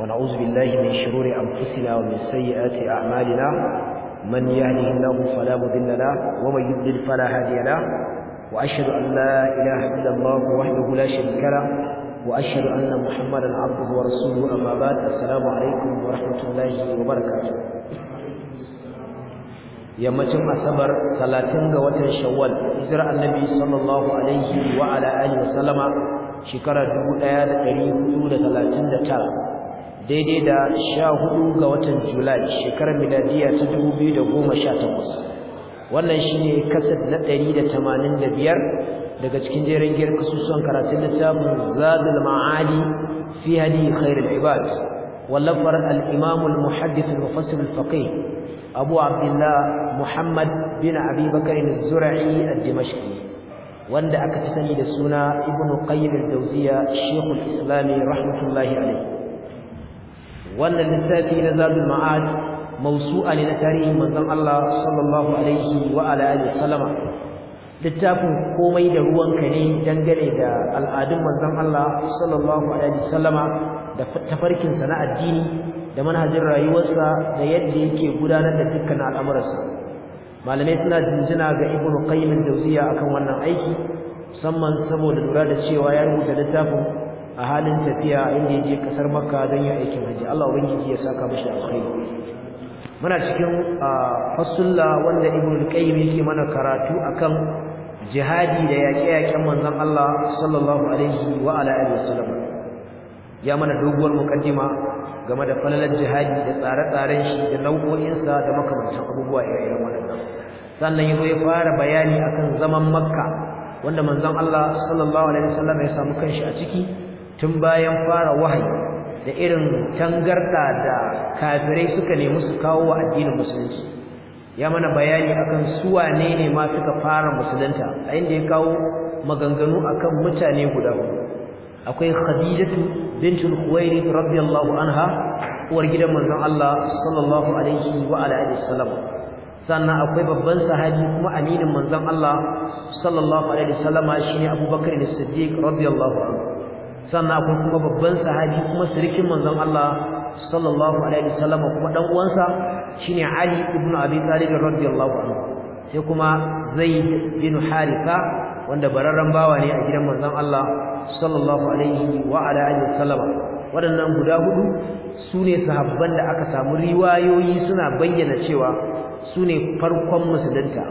ونعوذ بالله من شرور أنفسنا ومن سيئات أعمالنا من يهده الله فلا مضل له ومن يضلل فلا هادي له وأشهد أن لا إله إلا الله وحده لا شريك له وأشهد أن محمدا عبده ورسوله أما بعد السلام عليكم ورحمة الله وبركاته yammacin asabar talatin ga watan shawwal hijirar annabi sallallahu alaihi wa ala alihi wa sallama shekara 1439 daidai da sha hudu ga watan julai shekarar miladiya ta dubu biyu da goma sha takwas wannan shine kasar na ɗari da tamanin da biyar daga cikin jerin giyar kasusuwan karatun littafin zadul ma'ali fi hadi khairul ibad wallafar al-imam al-muhaddith al-mufassir al-faqih abu abdullah muhammad bin abi bakr az-zur'i ad-dimashqi wanda aka fi sani da suna ibnu qayyim al-jawziya shaykhul islam rahmatullahi alayhi wannan littafi na zadul ma'ad mawsu'a ne na tarihin manzon Allah sallallahu alaihi wa ala alihi sallama littafin komai da ruwanka ne dangane da al'adun manzon Allah sallallahu alaihi sallama da tafarkin sa na addini da manhajin rayuwarsa da yadda yake gudanar da dukkan al'amuransa malamai suna jinjina ga ibnu qayyim al-jawziya akan wannan aiki musamman saboda lura da cewa ya rubuta littafin a halin tafiya inda yaje kasar makka don ya aikin haji Allah ubangiji ya saka mishi alkhairi muna cikin fasulla wanda ibnu al-qayyim yake mana karatu akan jihadi da yaƙe-yaƙen manzon Allah sallallahu alaihi wa ala alihi wasallam ya mana doguwar mukaddima game da falalar jihadi da tsare-tsaren shi da nau'o'insa da makamantan abubuwa irin waɗannan sannan yazo ya fara bayani akan zaman makka wanda manzon Allah sallallahu alaihi wasallam ya samu kanshi a ciki tun bayan fara wahayi da irin tangarda da kafirai suka nemi su kawo wa addinin musulunci ya mana bayani akan su wane ne ma suka fara musulunta a inda ya kawo maganganu akan mutane guda akwai khadijatu bintul khuwairi radiyallahu anha uwar gidan manzon Allah sallallahu alaihi wa alihi wasallam sannan akwai babban sahabi kuma aminin manzon Allah sallallahu alaihi wasallam shine Abubakar as-Siddiq radiyallahu anhu sannan akwai kuma babban sahabi kuma sirikin manzon Allah sallallahu alaihi wasallam kuma dan uwansa shine Ali ibn Abi Talib radhiyallahu anhu sai kuma Zaid bin Haritha wanda bararren bawa ne a gidan manzon Allah sallallahu alaihi wa ala alihi wasallam waɗannan guda hudu sune sahabban da aka samu riwayoyi suna bayyana cewa sune farkon musulunta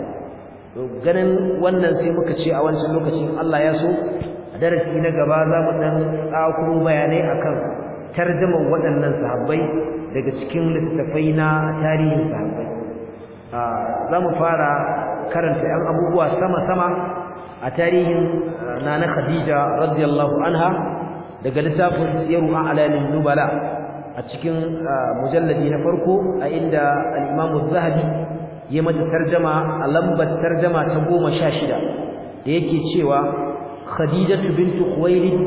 ganin wannan sai muka ce a wancan lokacin Allah ya so darasi na gaba za mu dan tsakuro bayanai akan tarjumar waɗannan sahabbai daga cikin littattafai na tarihin sahabbai za mu fara karanta yan abubuwa sama-sama a tarihin nana khadija radiyallahu anha daga littafin siyaru alamin nubala a cikin mujalladi na farko a inda Alimamu imamu zahabi ya mata tarjama a lambar tarjama ta goma sha shida da yake cewa khadijatu bintu khuwailid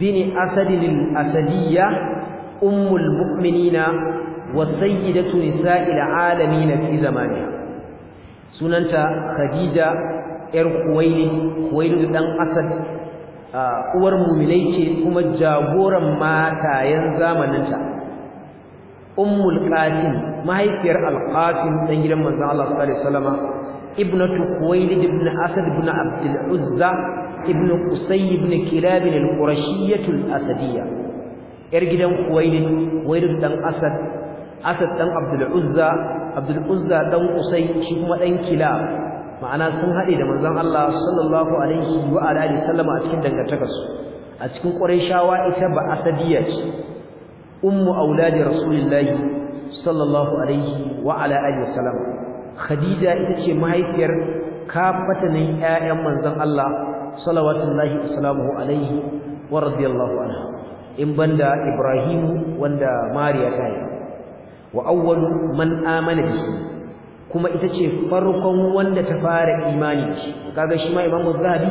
bin asad al ummul mu'minina wa sayyidatu nisa'il alamin fi zamaniha sunanta khadija yar khuwailid khuwailid dan asad uwar mu'minai ce kuma jagoran matayen zamaninta ummul qasim mahaifiyar al-qasim dan gidan manzon Allah sallallahu alaihi wasallama ibnatu khuwailid ibn asad ibn abd ibn Qusay ibn Kilab al-Qurashiyyah al-Asadiyyah yar gidan Kuwaini, Khuwaylid dan Asad Asad dan Abdul Uzza Abdul Uzza dan Qusay shi kuma dan Kilab ma'ana sun hade da manzon Allah sallallahu alaihi wa alihi sallama a cikin dangantakarsu a cikin Qurayshawa ita ba Asadiyya ce ummu auladi Rasulullahi sallallahu alaihi wa ala alihi sallama Khadija ita ce mahaifiyar kafatanin ƴaƴan manzon Allah salawatullahi wasalamu alaihi wa radiyallahu anha in banda Ibrahim wanda mariya ta yi wa awwalu man amana bihi kuma ita ce farkon wanda ta fara imani shi kaga shi ma imamu zahabi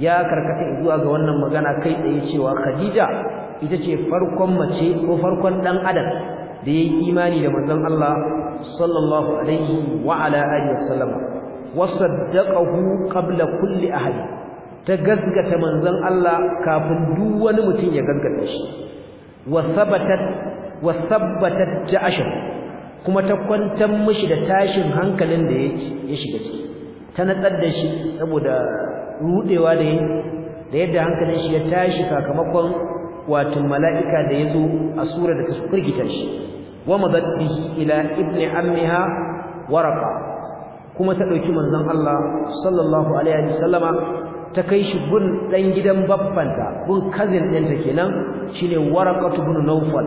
ya karkata zuwa ga wannan magana kai tsaye cewa khadija ita ce farkon mace ko farkon dan adam da yayi imani da manzon Allah sallallahu alaihi wa ala alihi wasallam wa saddaqahu qabla kulli ahadin ta gaskata manzon Allah kafin duk wani mutum ya gaskata shi wa sabatat wa ja'ashu kuma ta kwantar mishi da tashin hankalin da ya shiga ciki ta natsar da shi saboda rudewa da da yadda hankalin shi ya tashi sakamakon wato mala'ika da yazo a sura da ta kurgita shi wa madaddi ila ibni ammiha waraka kuma ta dauki manzon Allah sallallahu alaihi wasallama ta kai shi gun dan gidan babbanta gun cousin ɗinta kenan shine waraqatu bin nawfal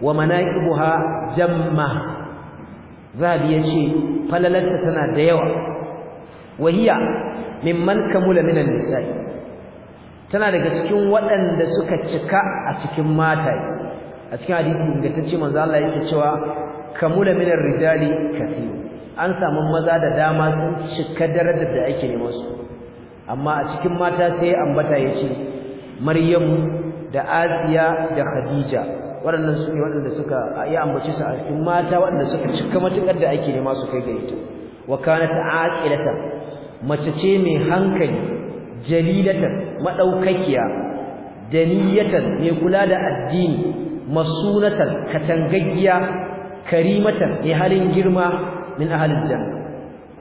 wa manaqibuha jamma zabi yace falalarta tana da yawa wahiya mimman kamula minan nisa'i tana daga cikin waɗanda suka cika a cikin mata a cikin hadisi tace manzo Allah yake cewa kamula minar rijali kathiru an samu maza da dama sun cika darajar da ake neman su amma a cikin mata sai ambata yace Maryam da Asiya da Khadija waɗannan su ne waɗanda suka ya ambace su a cikin mata waɗanda suka cika matukar da ake nema su kai ga ta. wa kanat aqilatan mace ce mai hankali jalilatan madaukakiya daniyatan mai kula da addini masunatan katangaggiya karimatan mai halin girma min ahlil janna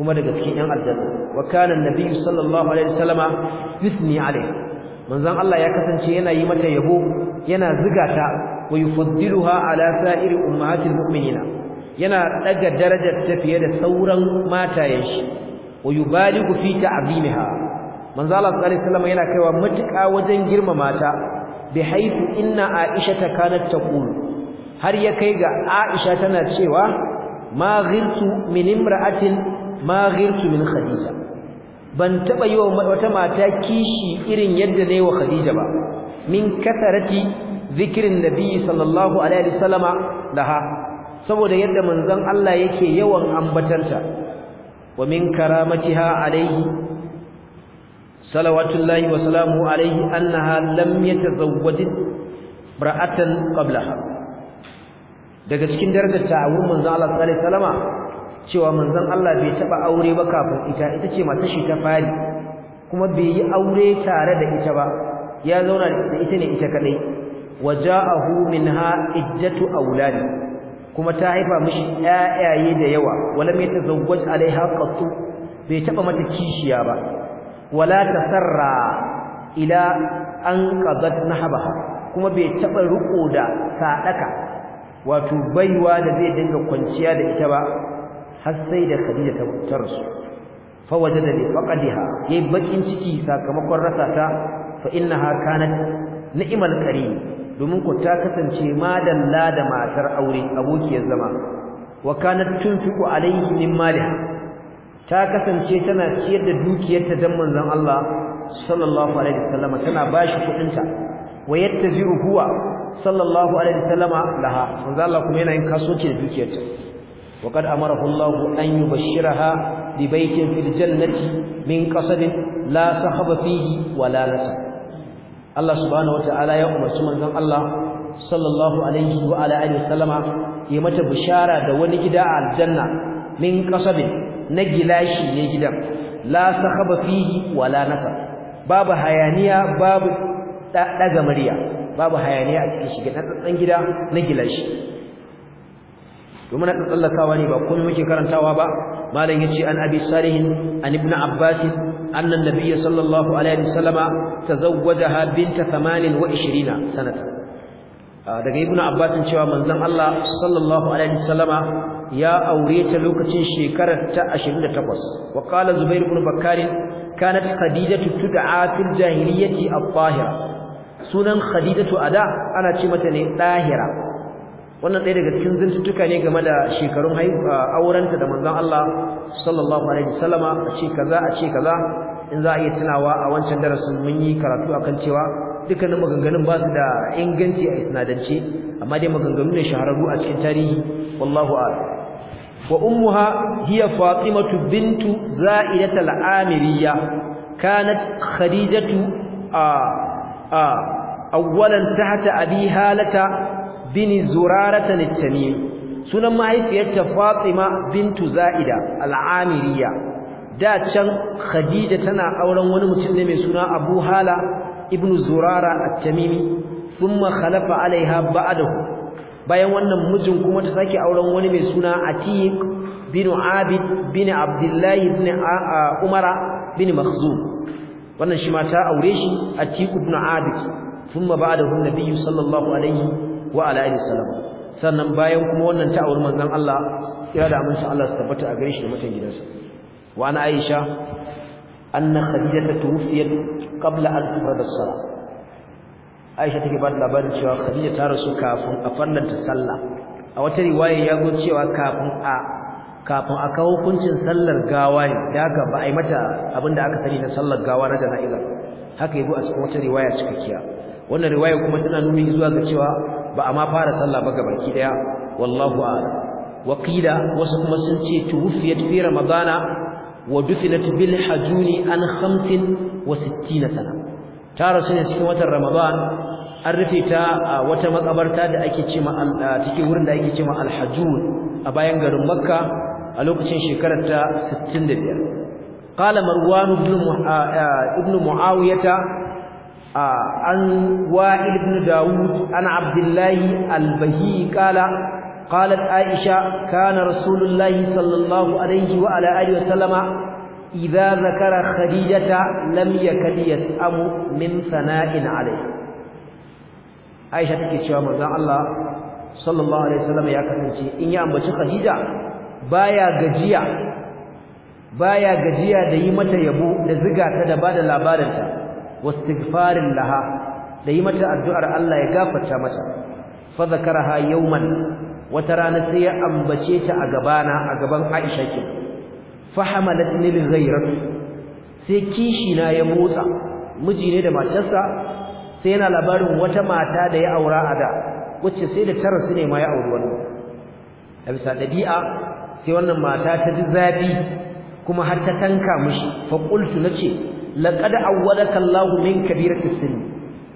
kuma daga cikin yan aljanna wa kana annabi sallallahu alaihi wasallama yuthni alaihi manzon Allah ya kasance yana yi mata yabo yana zigata wa yufaddiluha ala sa'iri ummahatil mu'minina yana daga darajar ta fiye da sauran matayen shi wa yubaligu fi ta'zimiha manzon Allah sallallahu alaihi wasallama yana kaiwa mutuka wajen girmamata. bi bihaifu inna aisha ta kanat taqulu har ya kai ga Aisha tana cewa ma ghirtu min imra'atin ma ghirtu min khadija ban taba yi wata mata kishi irin yadda ne wa khadija ba min kasarati zikirin nabi sallallahu alaihi wasallama laha saboda yadda manzon Allah yake yawan ambatanta wa min karamatiha alaihi salawatullahi wa salamu alaihi annaha lam yatazawwaj ra'atan qablaha daga cikin darajarta a wurin manzon Allah sallallahu alaihi wasallama cewa manzon Allah bai taba aure ba kafin ita ita ce matar shi ta fari kuma bai yi aure tare da ita ba ya zauna da ita ne ita kadai waja'ahu minha ijjatu aulad kuma ta haifa mishi ƴaƴaye da yawa wala mai tazawwaj alaiha qattu bai taba mata kishiya ba wala tasarra ila an qadat nahabaha kuma bai taba riko da sadaka wato baiwa da zai dinga kwanciya da ita ba har sai da Khadija ta mutar su fa wajada li faqadiha yayi bakin ciki sakamakon rasa ta fa innaha kanat ni'mal qarin domin ku ta kasance madalla da matar aure abokiyar zama wa kanat tunfiqu alayhi min maliha ta kasance tana ciyar da dukiyarta dan manzon Allah sallallahu alaihi wasallam tana bashi kudinta wa yattazi'u huwa sallallahu alaihi wasallama laha manzon Allah kuma yana yin kasuwanci da dukiyarta وقد أمره الله أن يبشرها ببيت في الجنة من قصد لا صخب فيه ولا نسب الله سبحانه وتعالى يأمر سمن الله صلى الله عليه وعلى آله وسلم يمت بشارة دون جداء الجنة من قصد نجلاشي يجدا لا صخب فيه ولا نسب باب هيانية باب دغمريا باب هيانية a cikin shiga dan gida na gilashi domin na tsallakawa ne ba komai muke karantawa ba malam yace an abi salih an ibn abbas anna an-nabiy sallallahu alaihi wasallama tazawwajaha bint 28 sanata ah, daga ibn abbas cewa manzon Allah sallallahu alaihi wasallama ya aure ta lokacin shekarar ta 28 wa qala zubair ibn bakkar kanat khadijatu tud'a fil jahiliyyati at-tahira sunan khadijatu ada ana ce mata ne tahira wannan ɗaya daga cikin zantuttuka ne game da shekarun aurenta da manzon Allah sallallahu alaihi wasallama a ce kaza a ce kaza in za a iya tunawa a wancan darasin mun yi karatu akan cewa dukkanin maganganun ba su da inganci a isnadance amma dai maganganun ne shahararru a cikin tarihi wallahu a'lam wa ummuha hiya fatimatu bintu za'idat al-amiriyya kanat khadijatu a a awwalan tahta abi halata bin zurarata at sunan mahaifiyarta Fatima bintu Zaida al'amiriya da can Khadija tana auren wani mutum ne mai suna Abu Hala ibn Zurara at-Tamimi thumma khalafa alaiha ba'dahu bayan wannan mijin kuma ta sake auren wani mai suna Atiq bin Abid bin Abdullahi ibn Umara bin Makhzum wannan shi ta aure shi Atiq ibn Abid thumma ba'dahu an sallallahu alaihi wa ala alihi salam sannan bayan kuma wannan ta'awur manzon Allah ya da amsa Allah su tabbata a gare shi da mutan gidansa wa ana Aisha anna Khadija tuwfiyat qabla an tufrada as-salah Aisha take ba da labarin cewa Khadija ta rasu kafin a ta sallah a wata riwaya ya go cewa kafin a kafin a kawo hukuncin sallar gawa ne da ga ba a yi mata abinda aka sani na sallar gawa na jana'iza haka yabo a cikin wata riwaya cikakkiya wannan riwaya kuma tana nuni zuwa ga cewa ba a ma fara sallah ba gabaki daya wallahu a'lam wa qila wasu kuma sun ce tuwfiyat fi ramadana wa dufinat bil hajuni an 65 sana ta rasu ne cikin watan ramadan an rufe ta wata makabarta da ake ce ma cikin wurin da ake ce ma al hajun a bayan garin makka a lokacin shekarar ta 65 biyar. marwan ibn ibn muawiyah عن وائل بن داود عن عبد الله البهي قال قالت عائشة كان رسول الله صلى الله عليه وعلى آله وسلم إذا ذكر خديجة لم يكد يسأم من ثناء عليه عائشة تكي cewa manzon Allah sallallahu alaihi wasallam ya kasance in ya ambaci Khadija baya gajiya gajiya da yi mata yabo da ziga ta da bada wastighfarin laha da yi mata addu'ar Allah ya gafarta mata fa zakaraha yawman wata rana sai ya ambace ta a gabana a gaban Aisha ke fa hamalatni li ghayrati sai kishi na ya motsa miji ne da matarsa sai yana labarin wata mata da ya aura a da wacce sai da tara su ne ma ya auri wani. a bisa ɗabi'a sai wannan mata ta ji zafi kuma har ta tanka mishi fa qultu nace laqad awwalaka Allahu min kabirati sin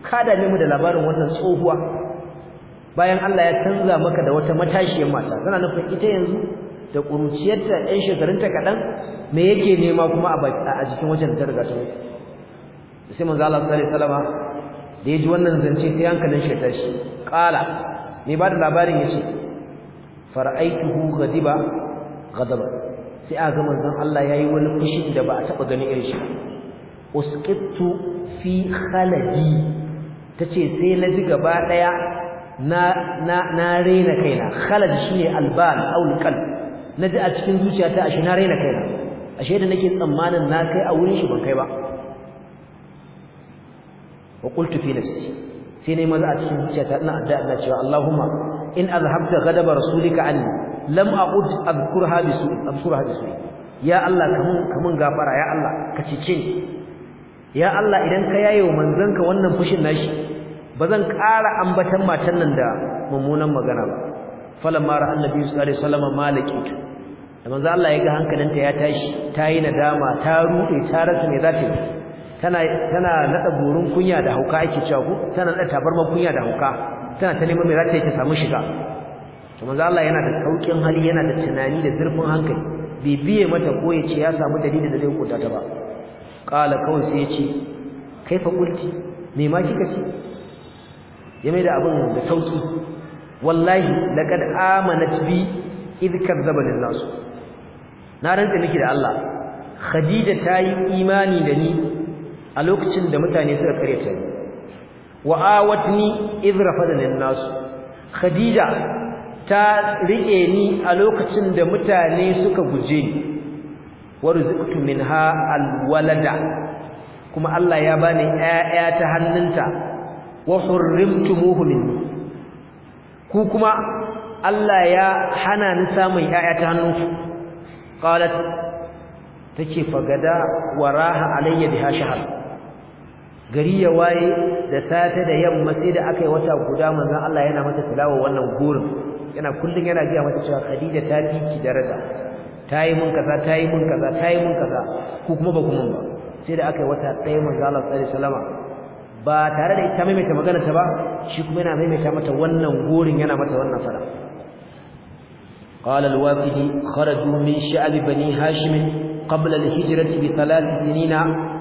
kada ne mu da labarin wannan tsohuwa bayan Allah ya canza maka da wata matashiyar mata kana nufin ita yanzu da ta ɗan ta kaɗan me yake nema kuma a jikin wajen da ta riga ta sai manzo Allah sallallahu alaihi wasallam da ya ji wannan zance sai hankalin shi tashi qala me ba da labarin yace fara'aituhu ghadiba ghadaba sai a ga manzon Allah yayi wani fushi da ba a taba ganin irin shi usqittu fi khaladi tace sai na ji gaba daya na na na raina kaina khalad shine albal aw alqalb naji a cikin zuciyata ashe na raina kaina ashe da nake tsammanin na kai a wurin shi ban kai ba wa qultu fi nafsi sai nayi maza a cikin zuciyata ina addu'a ina cewa Allahumma in azhabta ghadaba rasulika anni lam aqud adhkurha bisu adhkurha bisu ya Allah kamun kamun gafara ya Allah ka cice ni ya Allah idan ka yaye wa manzanka wannan fushin nashi bazan ƙara ambatan matan nan da mummunan magana ba falamma ra annabi sallallahu alaihi wasallam Maliki. da manzo Allah ya ga hankalinta ya tashi tayi nadama ta rufe ta rasa me yi tana tana nada burin kunya da hauka ake cewa ko tana nada tabarma kunya da hauka tana ta neman me za ta yi ta samu shiga to manzo Allah yana da saukin hali yana da tunani da zurfin hankali bai biye mata ko ya ce ya samu dalilin da zai kota ta ba qala kawai sai ya ce fa kulti me ma kika ce ya mai da abin da sauki wallahi laqad amanat bi idh kadzabani an nasu. na rantsa miki da Allah khadija ta yi imani da ni a lokacin da mutane suka kare ta. wa awatni idh rafadani an khadija ta rike ni a lokacin da mutane suka guje ni warzuqtu minha alwalada kuma Allah ya bani ƴaƴa ta hannunta wa hurrimtu minni ku kuma Allah ya hana ni samun ƴaƴa ta hannunku qalat tace fagada waraha alayya biha shahr gari ya waye da safe da yamma sai da akai wata guda manzon Allah yana mata tilawa wannan gurin yana kullun yana ga mata cewa Khadija ta fi ki daraja ta yi mun kaza ta yi mun kaza ta yi mun kaza ko kuma ba ku mun ba sai da aka yi wata tsaye manzo Allah sallallahu alaihi ba tare da ita maimaita magana ta ba shi kuma yana maimaita mata wannan gorin yana mata wannan fara قال الوافدي خرجوا من شعب بني هاشم قبل الهجرة بثلاث سنين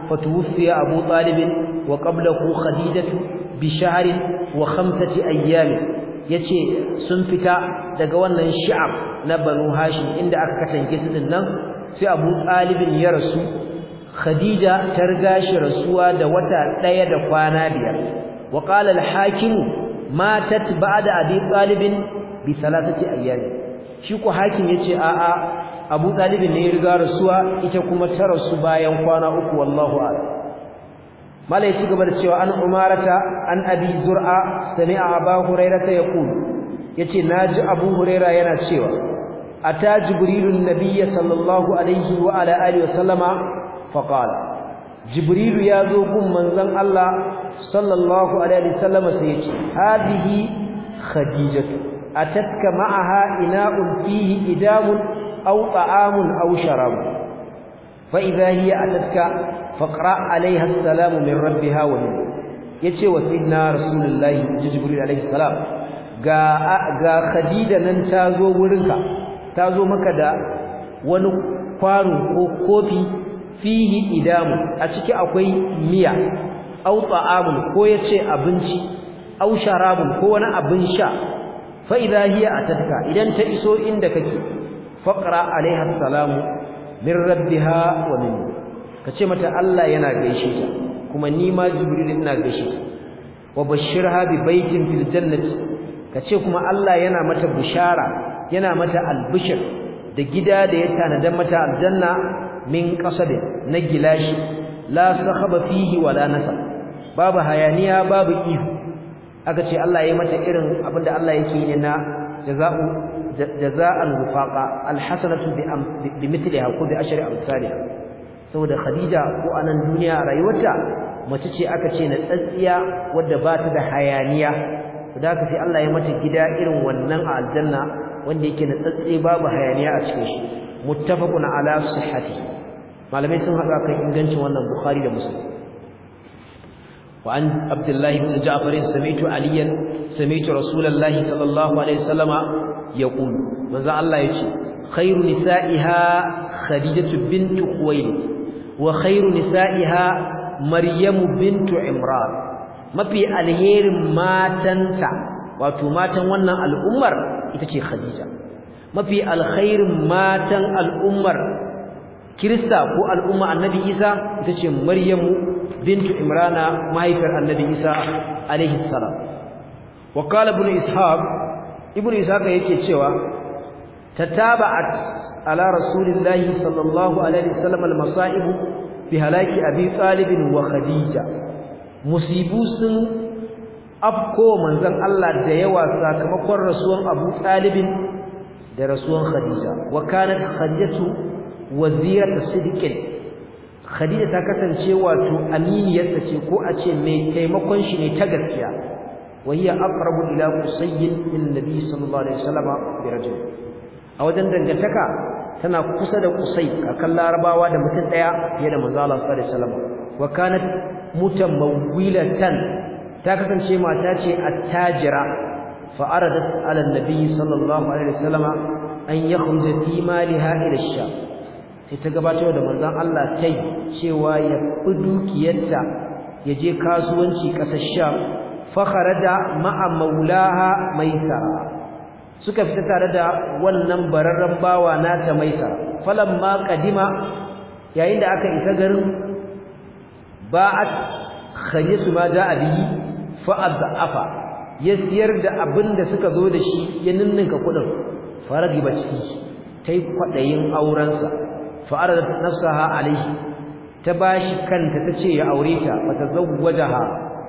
فتوفي أبو طالب وقبله خديجة بشهر وخمسة أيام yace sun fita daga wannan shi'ab na banu hashim inda aka katange su din nan sai abu talibin ya rasu khadija ta riga shi rasuwa da wata daya da kwana biyar wa qala al-hakim matat ba'da abi talibin bi salasati ayyam shi ko hakim yace a a abu talibin ne ya riga rasuwa ita kuma ta rasu bayan kwana uku wallahu a'lam mala ya ci gaba da cewa an umarata an abi zur'a sami'a aba hurairata yaqul yace naji abu huraira yana cewa ata jibrilun nabiyya sallallahu alaihi wa ala alihi wa sallama fa qala jibrilu yazo gun manzon Allah sallallahu alaihi wa sallama sai yace hadihi khadijatu atatka ma'aha ina'un fihi idamun aw ta'amun aw sharab fa idha hiya atatka faqra alaiha assalamu min rabbiha wa min yace wa sayyidina rasulullahi jibril alaihi salam ga ga khadija nan ta zo wurinka ta zo maka da wani kwaro ko kofi fihi idamu a ciki akwai miya aw ta'amun ko yace abinci aw sharabun ko wani abin sha fa idha hiya atatka idan ta iso inda kake faqra alaiha assalamu min rabbiha wa min ka ce mata Allah yana gaishe ta kuma ni ma jibril ina gaishe ta wa bashirha bi baitin fil jannati ka ce kuma Allah yana mata bishara yana mata albishir da gida da ya tanada mata aljanna min qasabin na gilashi la sakhaba fihi wala nasa. babu hayaniya babu ihu aka ce Allah ya mata irin abinda Allah yake yi na jaza'u jaza'an rufaqa alhasanatu bi mithliha ko bi ashri amsalha saboda khadija ko a nan duniya a rayuwarta mace ce aka ce na tsantsiya wadda ba ta da hayaniya da haka sai Allah ya mata gida irin wannan a aljanna wanda yake na tsantsi babu hayaniya a cikin shi muttafaqun ala sihhati malamai sun haɗa kan ingancin wannan bukhari da muslim وعن عبد الله بن جعفر سمعت عليا سمعت رسول الله صلى الله عليه وسلم يقول ماذا الله يجي خير نسائها خديجة بنت خويلد wa khairu nisa'iha maryamu bintu imran mafi alherin matanta wato matan wannan al'ummar ita ce khadija mafi alkhairin matan al'ummar kirista ko al'umma annabi isa ita ce maryamu bintu imrana mahaifiyar annabi isa alaihi salam wa qala ibn ishaq ibn ishaq yake cewa تتابعت على رسول الله صلى الله عليه وسلم المصائب في هلاك أبي طالب وخديجة مصيبوس أبكو من ذن الله ديوا sakamakon rasuwan abu طالب da rasuwan Khadija wa kanat Khadijatu wazirat Khadija ta kasance wato aminiyarsa ce ko a ce mai taimakon shi ne ta gaskiya wa hiya aqrabu ila qusayyin min sallallahu alaihi wasallam bi rajul a wajen dangantaka tana kusa da kusai kakan larabawa da mutum daya fiye da manzo Allah sallallahu alaihi wasallam wa kanat mutamawwilatan ta kasance mata ce attajira fa aradat ala annabi sallallahu alaihi wasallam an yakhruja fi maliha ila sha. sai ta gabatar da manzon Allah tai cewa ya dukiyarta ya je kasuwanci kasar sham fa kharaja ma'a maulaha maisara suka fita tare da wannan bararren bawa na ta maisa ma kadima. yayin da aka isa garin ba'at khayyisu ma ja'a bihi fa adafa ya siyar da abinda suka zo da shi ya ninninka kudin faragi ba ciki tai kwadayin aurensa fa aradat nafsaha alayhi ta bashi kanta tace ya aure ta fa tazawwajaha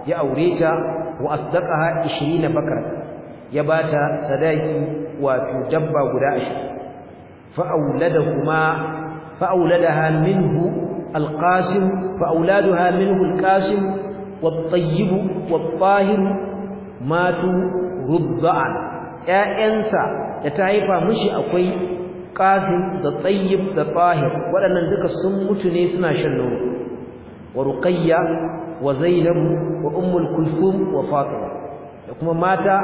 ya aureta ta wa asdaqaha 20 bakara ya bata sadaki wato dabba guda ashirin fa auladahuma fa auladaha minhu alqasim fa auladuha minhu alqasim wat-tayyib matu rubba'an ƴaƴansa da ta haifa mishi akwai qasim da tayyib da tahir waɗannan duka sun mutu ne suna shan wa ruqayya wa zainab wa ummul kulthum wa fatima da kuma mata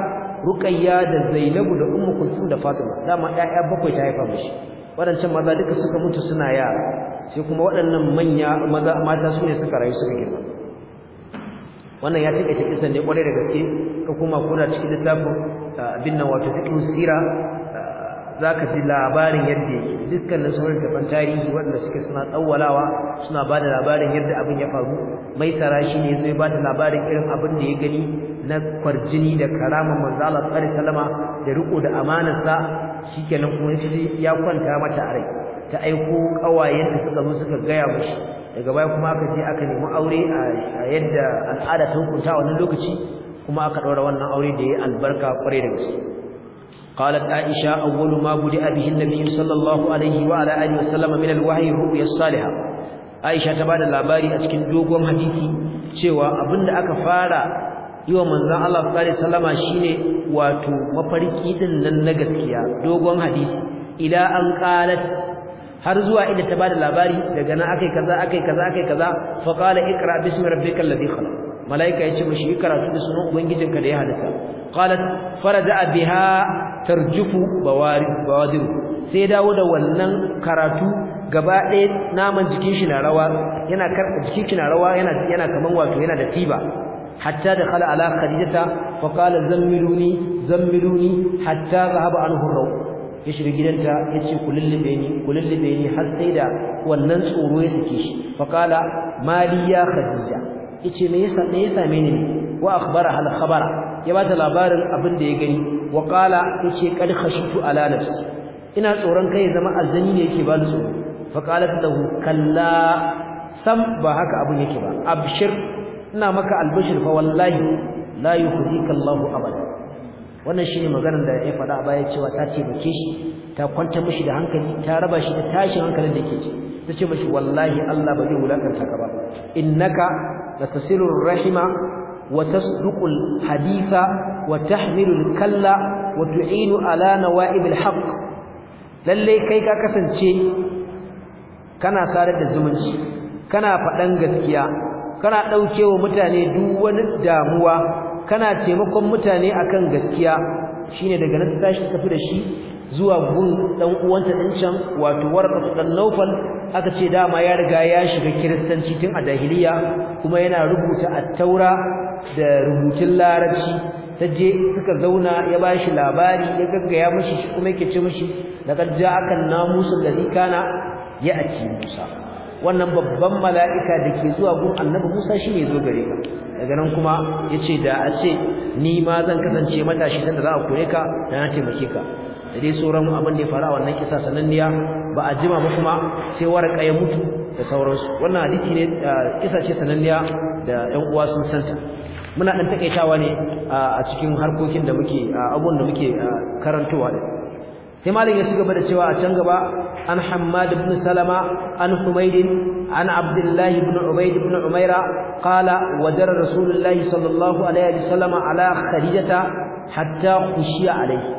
ruqayya da zainabu da ummu kulthum da fatima dama ƴaƴa bakwai ta haifa mishi waɗancan maza duka suka mutu suna yara sai kuma waɗannan manya maza mata su ne suka rayu suka girma wannan ya take ta kisan ne kwarai da gaske ka kuma kuna cikin littafin abin nan wato fiqh sira zaka ji labarin yadda yake dukkanin sauran daban tarihi waɗanda suke suna tsawwalawa suna bada labarin yadda abin ya faru mai tsara shi ne zai bada labarin irin abin da ya gani na kwarjini da karama manzo Allah sallallahu alaihi da riko da amanarsa shikenan kuma shi ya kwanta mata a rai ta aiko kawayen da suka zo suka gaya mishi daga baya kuma aka je aka nemi aure a yadda al'ada ta hukunta wannan lokaci kuma aka daura wannan aure da ya albarka kware da gaske قالت عائشة أول ما بدأ به النبي صلى الله عليه وعلى آله وسلم من الوحي الرؤيا الصالحة Aisha ta bada labari a cikin dogon hadisi cewa abinda aka fara yi wa manzan Allah tsari salama shi ne wato mafarki ɗin nan na gaskiya dogon hadisi ila an ƙalat har zuwa inda ta bada labari daga nan akai kaza akai kaza akai kaza fa qala ikra bismi rabbikal ladhi khalaq malaika yace mishi yi karatu da sunan ubangijinka da ya halitta qalat faraja biha tarjufu bawari bawadir sai dawo da wannan karatu gaba ɗaya naman jikin shi na rawa yana yana kaman wato yana da tiba hatta da kala ala khadijata fa qala zammiluni zammiluni hatta zahaba anhu raw ya shiga gidanta yace ku lullube ni ku lullube ni har sai da wannan tsoro ya sake shi fa qala mali ya khadija yace me yasa me yasa mene wa akhbara hal khabara ya bata labarin abin da ya gani wa qala yace kad khashitu ala nafsi ina tsoron kai zama azzani ne yake ba ni tsoro fa qalat lahu kalla sam ba haka abin yake ba abshir ina maka albashir fa wallahi la yukhzika Allahu abada wannan shine maganar da ya faɗa baya cewa ta ce bake shi ta kwanta mishi da hankali ta raba shi da tashin hankalin da yake ci ta ce mishi wallahi Allah ba zai wulakanta ka ba innaka latasirur rahima wa tasduqul haditha wa tahmilul kalla wa tu'inu ala nawaibil haqq lalle kai ka kasance kana sadar da zumunci kana faɗan gaskiya kana ɗauke wa mutane duk wani damuwa kana taimakon mutane akan gaskiya shine daga nan tashi tafi da shi zuwa gun dan uwanta din can wato warqatu dan naufal aka ce dama ya riga ya shiga kiristanci tun a dahiliya kuma yana rubuta at-taura da rubutun larabci je suka zauna ya bashi labari ya gaggaya mishi kuma yake ce mishi laqad ja'aka an da ladhi kana ya'ti musa wannan babban mala'ika da ke zuwa gun annabi Musa shi ne zo gare ka daga nan kuma ya ce da a ce ni ma zan kasance matashi sanda za a kore ka da na taimake ka da dai sauran abin da ya faru a wannan kisa sananniya ba a jima ba kuma sai wara ya mutu da sauransu wannan hadisi ne kisa ce sananniya da 'yan uwa sun santa muna dan takaitawa ne a cikin harkokin da muke abubuwan da muke karantowa sai malam ya cigaba da cewa a can gaba an hammad ibn salama an humayd an Abdullahi ibn ubayd ibn umaira qala wajara rasulullahi sallallahu alaihi sallam ala khadijata hatta khushiya alaihi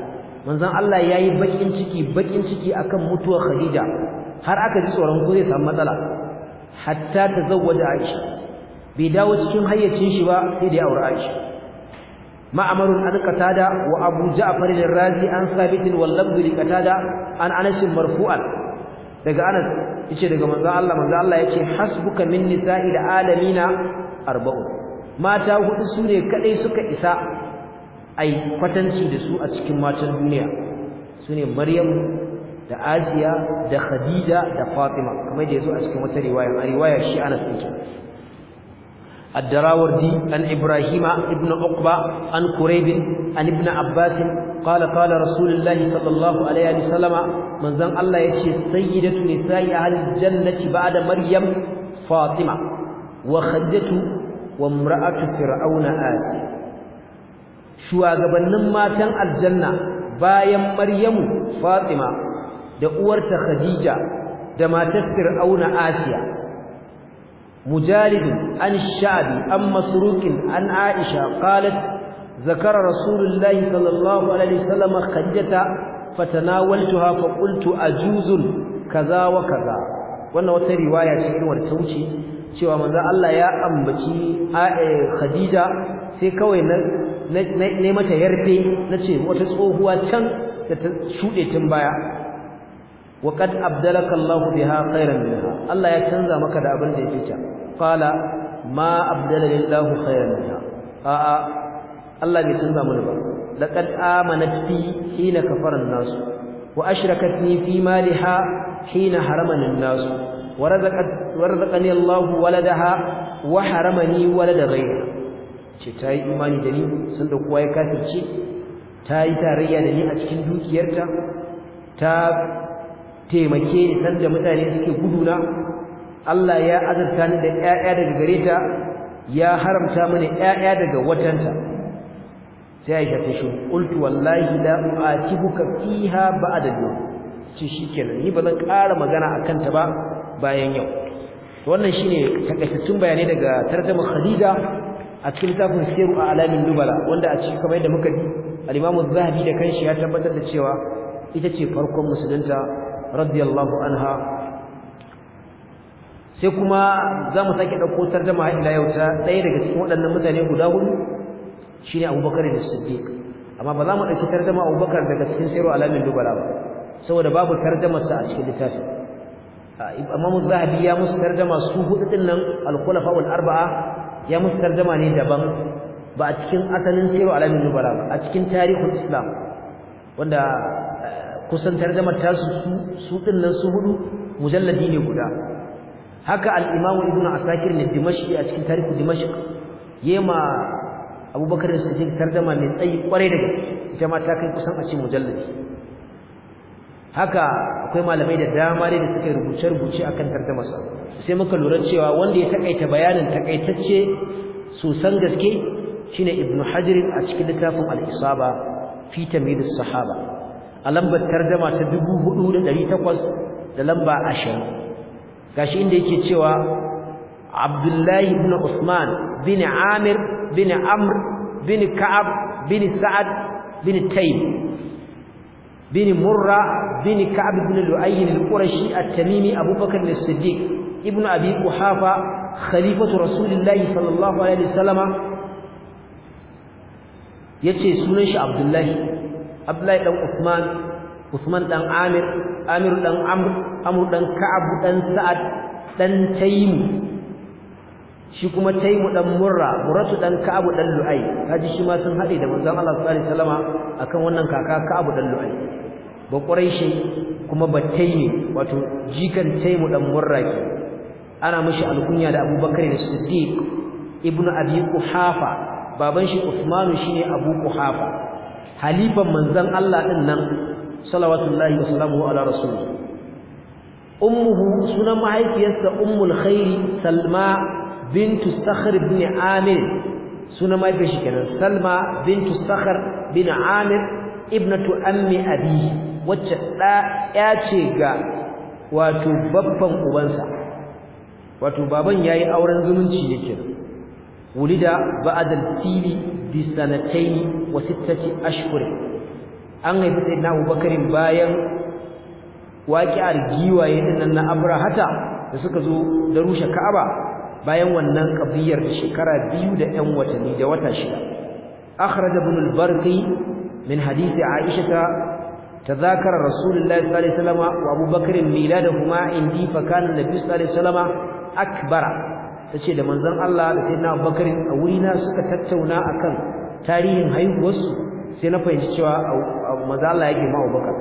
manzon Allah yayi bakin ciki bakin ciki akan mutuwar khadija har aka ji tsoron ko zai samu matsala hatta tazawwaja aisha bai dawo cikin hayyacin shi ba sai da ya aure aisha معمر عن قتادة وأبو جعفر الرازي عن ثابت واللفظ لقتادة عن أنس مرفوعا دغ أنس yace daga manzo Allah manzo Allah yace hasbuka min nisa'il alamina arba'u mata huɗu sune kaɗai suka isa ai kwatanci da su a cikin matan duniya sune Maryam da Asiya da Khadija da Fatima kamar da yazo a cikin wata riwaya a riwaya shi Anas din الدراوردي عن إبراهيم ابن عقبة عن كريب عن ابن عباس قال قال رسول الله صلى الله عليه وسلم من ذن الله يشي سيدة نساء أهل الجنة بعد مريم فاطمة وخدته وامرأة فرعون آسيا shugabannin matan aljanna bayan maryamu fatima da uwarta khadija da matar fir'auna asiya مجالد عن an عن مسروق عن عائشة قالت ذكر رسول الله صلى الله عليه وسلم خديجة فتناولتها فقلت أجوز كذا وكذا وانا wata riwaya ce irin ta wuce cewa manzo Allah ya ambaci Khadija sai kawai na mata yarfe nace wata tsohuwa can da ta shuɗe tun baya wa qad abdalaka Allahu biha khairan minha Allah ya canza maka da abin da yake ta qala ma abdalani Allahu khairan minha a a Allah bai canza mana ba laqad amanat fi hina kafara an-nas wa ashrakatni fi maliha hina haramani an-nas wa razaqat warzaqani Allahu waladaha wa haramani walada ghayriha ce ta yi imani da ni sun da kowa ya kafirce ta yi tarayya da ni a cikin dukiyarta ta taimake ni sanda mutane suke guduna Allah ya azurta ni da ƴaƴa daga gare ta ya haramta mini ƴaƴa daga watanta sai Aisha ta ce qultu wallahi la u'atibuka fiha ba'da yau ce shikenan ni bazan ƙara magana akan ta ba bayan yau to wannan shine takaitaccen bayanai daga tarjuma Khadija a cikin tafin Siru a Alamin Dubala wanda a cikin kamar yadda muka ji al-Imam Az-Zahabi da kanshi ya tabbatar da cewa ita ce farkon musulunta radiyallahu anha sai kuma za mu sake ɗauko tarjama ila yauta ta ɗaya daga cikin waɗannan mutane guda hudu shine abubakar da siddiq amma ba za mu ɗauki tarjama abubakar daga cikin siru alamin dubala ba saboda babu tarjamarsa a cikin littafin imamu zahabi ya musu tarjama su hudu ɗin nan alkhulafa wal arba'a ya musu tarjama ne daban ba a cikin asalin siru alamin dubala ba a cikin tarihul islam wanda kusan tarjamar tasu su su nan su hudu mujalladi ne guda haka al-Imam Ibn Asakir ne Dimashqi a cikin tarihi Dimashq yema Abubakar Siddiq tarjama mai tsayi kwarai da gaske ita ma ta kai kusan a cikin mujalladi haka akwai malamai da dama ne da suka rubuce rubuce akan tarjamar sa sai muka lura cewa wanda ya takaita bayanin takaitacce sosan gaske shine Ibn Hajar a cikin littafin al-Isaba fi as-sahaba a lambar tarjama ta 4800 da lamba 20 gashi inda yake cewa Abdullahi ibn Usman bin Amir bin Amr bin Ka'ab bin Sa'ad bin Tayyib bin Murra bin Ka'ab bin Lu'ay al-Qurashi at-Tamimi Abu Bakr as-Siddiq ibn Abi Quhafa khalifatu Rasulillah, sallallahu alaihi wasallam yace sunan shi Abdullahi abdullahi dan usman usman dan amir amir dan amr amr dan ka'ab dan sa'ad dan taymi shi kuma taymi dan murra murratu dan ka'ab dan lu'ay kaji shi ma sun hade da manzon Allah sallallahu alaihi wasallama akan wannan kaka ka'ab dan lu'ay ba quraishi kuma ba taymi wato jikan taymi dan murra ke ana mishi alkunya da abubakar siddiq ibnu abi quhafa baban shi usmanu shine abu quhafa halifan manzon Allah din nan salawatullahi wa salamuhu ala rasul ummuhu sunan mahaifiyarsa ummul khairi salma bintu sakhr ibn amir sunan mahaifiyar shi kenan salma bintu sakhr bin amir ibnatu ammi abi wacce da ya ce ga wato babban ubansa wato baban yayi auren zumunci yake ولد بعد الفيل بسنتين وستة أشهر أن يبي سيدنا أبو بكر باين waƙiyar giwaye dinnan na Abrahata da suka zo da rushe Ka'aba bayan wannan kabiyar da shekara biyu da 'yan watanni da wata shida akhraj ibn al-barqi min hadisi Aisha tadhakara Rasulullahi sallallahu alaihi wasallam wa Abu miladahuma indi fa kana Nabi sallallahu alaihi wasallam akbara tace da manzon Allah da sayyidina Abubakar a wuri na suka tattauna akan tarihin haihuwarsu sai na fahimci cewa manzon Allah yake ma Abubakar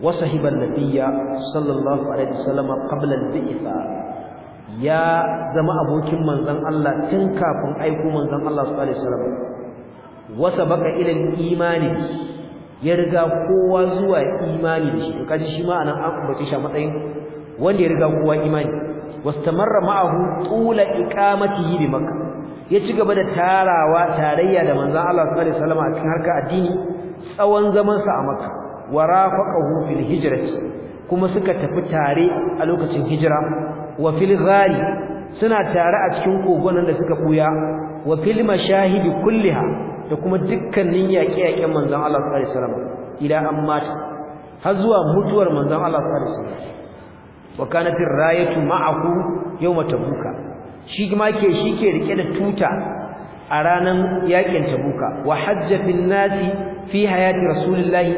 wa sahiban nabiyya sallallahu alaihi wasallam qabla al-bi'tha ya zama abokin manzon Allah tun kafin aiko manzon Allah sallallahu alaihi wasallam wa sabaqa ila al-imani ya riga kowa zuwa imani da shi kaji shi ma anan an ambace shi matsayin wanda ya riga kowa imani wastamarra ma'ahu tula iqamatihi bi makka ya ci gaba da tarawa tarayya da manzon Allah sallallahu alaihi wasallam a cikin harkar addini tsawon zaman sa a makka warafaqahu fil hijrati kuma suka tafi tare a lokacin hijira wa fil ghari suna tare a cikin kogonan da suka buya wa fil mashahid kulliha da kuma dukkanin yaƙe-yaƙen manzon Allah sallallahu alaihi wasallam ila amma har zuwa mutuwar manzon Allah sallallahu alaihi wasallam wa kanat ar-rayatu ma'ahu yawma tabuka shi ma ke shi ke rike da tuta a ranan yakin tabuka wa hajja fil nasi fi hayati rasulillahi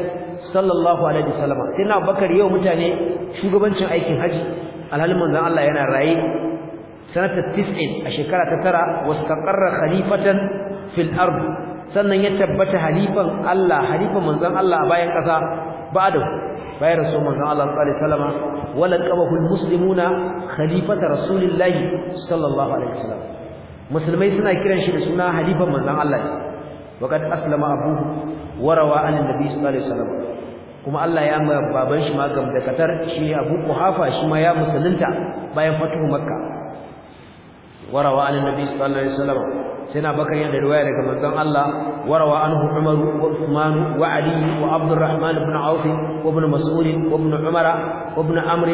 sallallahu alaihi wasallam sai na bakar yau mutane shugabancin aikin haji alhalin manzon Allah yana raye sanata 90 a shekara ta tara wastaqarra khalifatan fil ard sannan ya tabbata halifan Allah halifan manzon Allah a bayan kasa ba'da bayan rasul manzo Allah sallallahu alaihi wasallam walaqabahu almuslimuna khalifata rasulillahi sallallahu alaihi wasallam musulmai suna kiran shi da suna halifan manzon Allah waqad aslama abuhu warawa an annabi sallallahu alaihi wasallam kuma Allah ya ma baban shi ma gamdakatar shi Abu Quhafa shi ma ya musulunta bayan fatuhu Makka warawa an nabi sallallahu alaihi wasallam sai na bakar yana da riwaya daga manzon Allah warawa anhu Umar wa Uthman wa Ali wa Abdurrahman ibn Auf wa ibn Mas'ud wa ibn Umar wa ibn Amr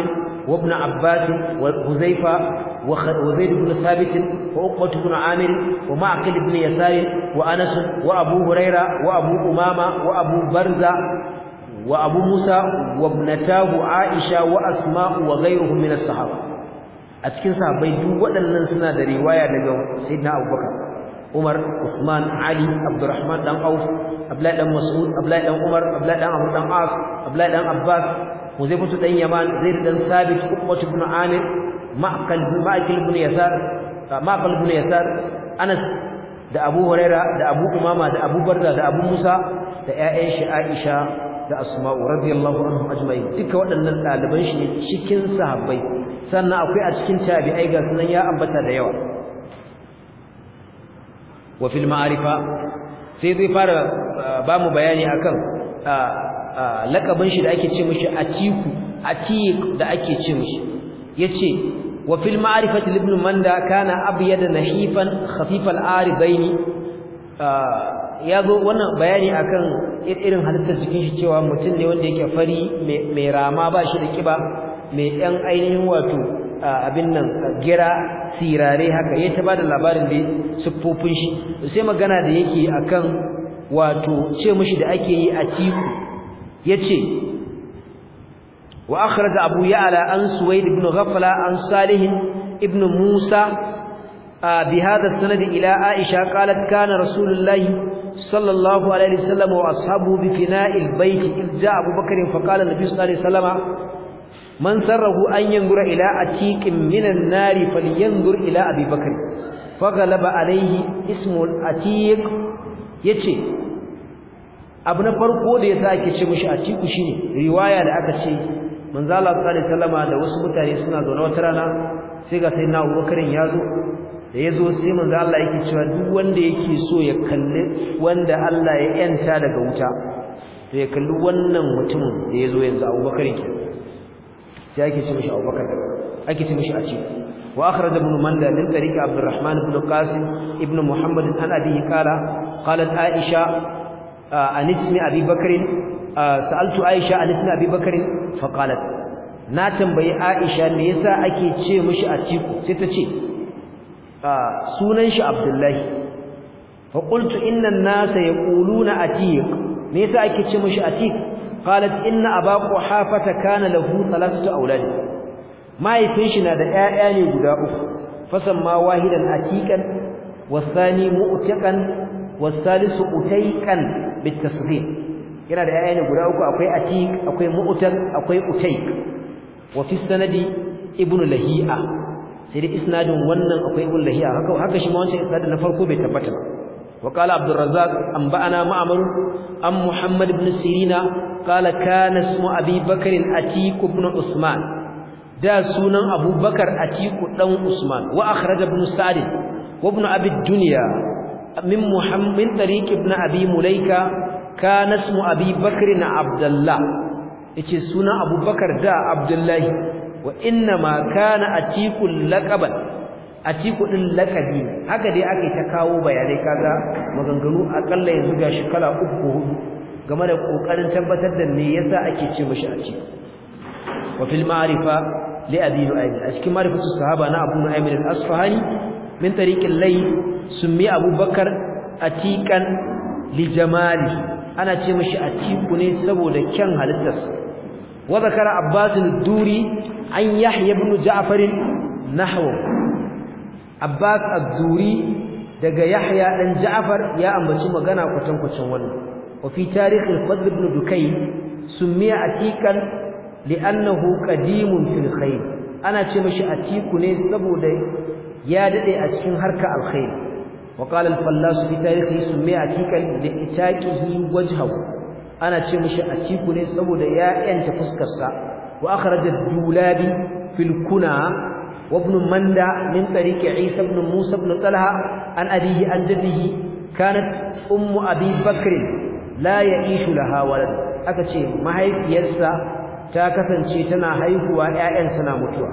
wa ibn Abbas wa Huzaifa wa Zaid ibn wa Uqbah ibn Amir wa Ma'qil ibn Yasar wa Anas wa Abu Huraira wa Abu Umama wa Abu Barza wa Abu Musa wa Aisha wa Asma wa ghayruhum min sahaba a cikin sahabbai duk waɗannan suna da riwaya daga sayyidina abubakar umar usman ali abdurrahman dan auf abdullahi dan mas'ud abdullahi dan umar abdullahi dan abu dan as abdullahi dan abbas huzaifatu dan yaman zaid dan sabit Uqbah ibn amir ma'qal ma'qal ibn yasar ma'qal ibn yasar anas da abu huraira da abu umama da abu barza da abu musa da ƴaƴan shi aisha da asma'u radiyallahu anhum ajma'in duka waɗannan ɗaliban shi ne cikin sahabbai sannan akwai a cikin tabi'ai ga sunan ya ambata da yawa wa fil ma'arifa sai zai fara ah, ba mu bayani akan ah, ah, lakabin shi da ake ce mishi atiku atiq da ake ce mishi yace wa fil ma'rifati ibn manda kana abyad nahifan khafif al aridain yazo wannan bayani akan irin halittar cikin shi cewa mutum ne wanda yake fari mai rama ba shi da kiba mai ɗan ainihin wato a abin nan gira sirare haka ya ta da labarin da siffofin shi sai magana da yake kan wato ce mushi da ake yi a tiku. ya ce wa akhraja abu an suwaid ibn ghafla an Salihin ibn musa bi hadha sanad ila aisha qalat kana sallallahu alaihi wasallam wa ashabu bi fina'il bayt idza abubakar faqala nabiy sallallahu alaihi wasallam man sarrahu an yanzura ila atiqin minan nari falyanzur ila abi bakr faghalaba alayhi ismul atiq yace abu na farko da yasa ake ce mishi atiku shine riwaya da aka ce Manzala Allah sallallahu alaihi da wasu mutane suna zaune wata rana sai ga sayyidina Abu Bakr ya zo da yazo sai Manzala Allah yake cewa duk wanda yake so ya kalli wanda Allah ya yanta daga wuta to ya kalli wannan mutumin da yazo yanzu Abu Bakr kenan sai ake ce mishi Abubakar ake ce mishi Aci wa akhraj ibn Manda min tariq Abdurrahman ibn Qasim ibn Muhammad an abihi qala qalat Aisha ah, an ismi Abi Bakr ah, sa'altu Aisha an ismi Abi Bakr fa qalat na tambayi Aisha me yasa ake ce mishi Aci sai ta ce ah, sunan shi Abdullahi fa qultu inna an-nasa yaquluna Atiq me yasa ake ce mishi Atiq qalat inna aba quhafata kana lahu thalathatu awlad mahaifin shi na da 'ya'ya ne guda uku fasamma wahidan atiqan wasani mu'taqan wasalisu utayqan bitasghir yana da 'ya'ya ne guda uku akwai atiq akwai mu'taq akwai utayq wa fi sanadi ibnu lahi'a sai da isnadin wannan akwai ibnu lahi'a haka haka shi ma wancan isnadin na farko bai tabbata ba وقال عبد الرزاق أنبأنا معمر أم محمد بن سيرين قال كان اسم أبي بكر أتيك بن عثمان دا سونا أبو بكر أتيك بن عثمان وأخرج ابن سعد وابن أبي الدنيا من محمد من طريق ابن أبي مليكة كان اسم أبي بكر عبد الله يجي سونا أبو بكر دا عبد الله وإنما كان أتيك لقبا atiku kudin lakabi haka dai ake ta kawo bayanai kaga maganganu akalla yanzu shi kala uku hudu game da kokarin tabbatar da me yasa ake ce mishi ci wa fil ma'rifa li abi a cikin ma'rifatu sahaba na abu nu'aym al-asfahani min tariqil layl summi abubakar atikan li jamali ana ce mishi atiku ne saboda kyan halittarsa wa zakara abbas duri an yahya ibn ja'far nahwa Abbas Abduri daga Yahya dan Ja'far ya ambaci magana kwatankwacin wannan wa fi tarikh al-Fadl ibn Dukayn sumiya atikan li'annahu qadimun fil khair ana ce mishi atiku ne saboda ya dade a cikin harka alkhair wa qala al-fallas fi tarikh sumiya atikan li'itaqihi wajhahu ana ce mishi atiku ne saboda ya yanta fuskar sa wa akhraj ad-dulabi fil وابن مندى من طريق عيسى بن موسى بن طلحة عن أبيه عن جده كانت أم أبي بكر لا يعيش لها ولد أكتشي ما هي يرسى تاكفن شيتنا هيهوا آئن سنا متوى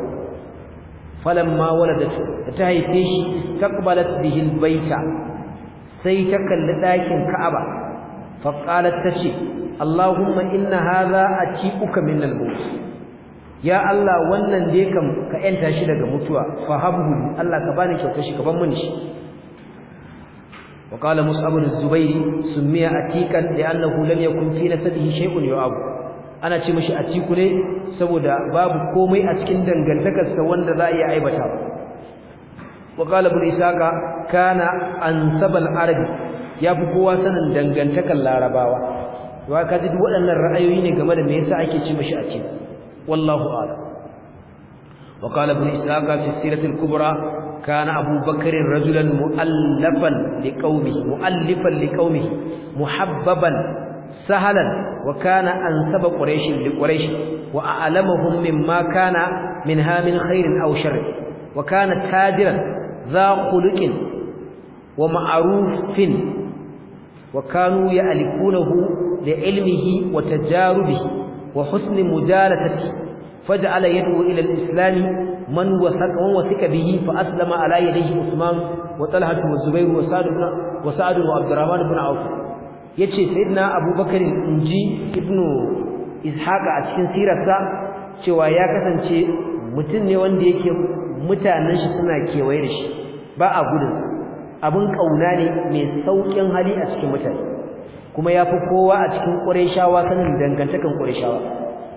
فلما ولدت تهي فيه استقبلت به البيت سيتك لذاك كعبة فقالت تشي اللهم إن هذا أتيئك من الموت ya Allah wannan da kam ka yanta shi daga mutuwa fa habhu Allah ka bani kyauta shi ka ban mun shi wa qala mus'ab bin zubair sumiya atikan li'annahu lam yakun fi nasabihi shay'un yu'ab ana ce mishi atiku ne saboda babu komai a cikin dangantakarsa wanda za a iya aibata wa qala ibn isaqa kana ansabal arabi yafi kowa sanin dangantakar larabawa wa kaji duk waɗannan ra'ayoyi ne game da me yasa ake ce mishi atiku والله أعلم وقال ابن إسحاق في السيرة الكبرى كان أبو بكر رجلا مؤلفا لقومه مؤلفا لقومه محببا سهلا وكان أنسب قريش لقريش وأعلمهم مما كان منها من خير أو شر وكان تاجرا ذا خلق ومعروف وكانوا يألفونه لعلمه وتجاربه wa husni mujalatati faj'ala yad'u ila al-islam man wasaqa wa wasika bihi fa aslama ala yadihi Usman wa Talha wa Zubair wa Sa'd wa Sa'd wa Abdurrahman ibn Auf yace sayyidina Abubakar inji Ibn Ishaq a cikin sirarsa cewa ya kasance mutum ne wanda yake mutanen shi suna kewaye da shi ba a gudunsa abin kauna ne mai saukin hali a cikin mutane kuma ya fi kowa a cikin Qurayshawa sanin dangantakan Qurayshawa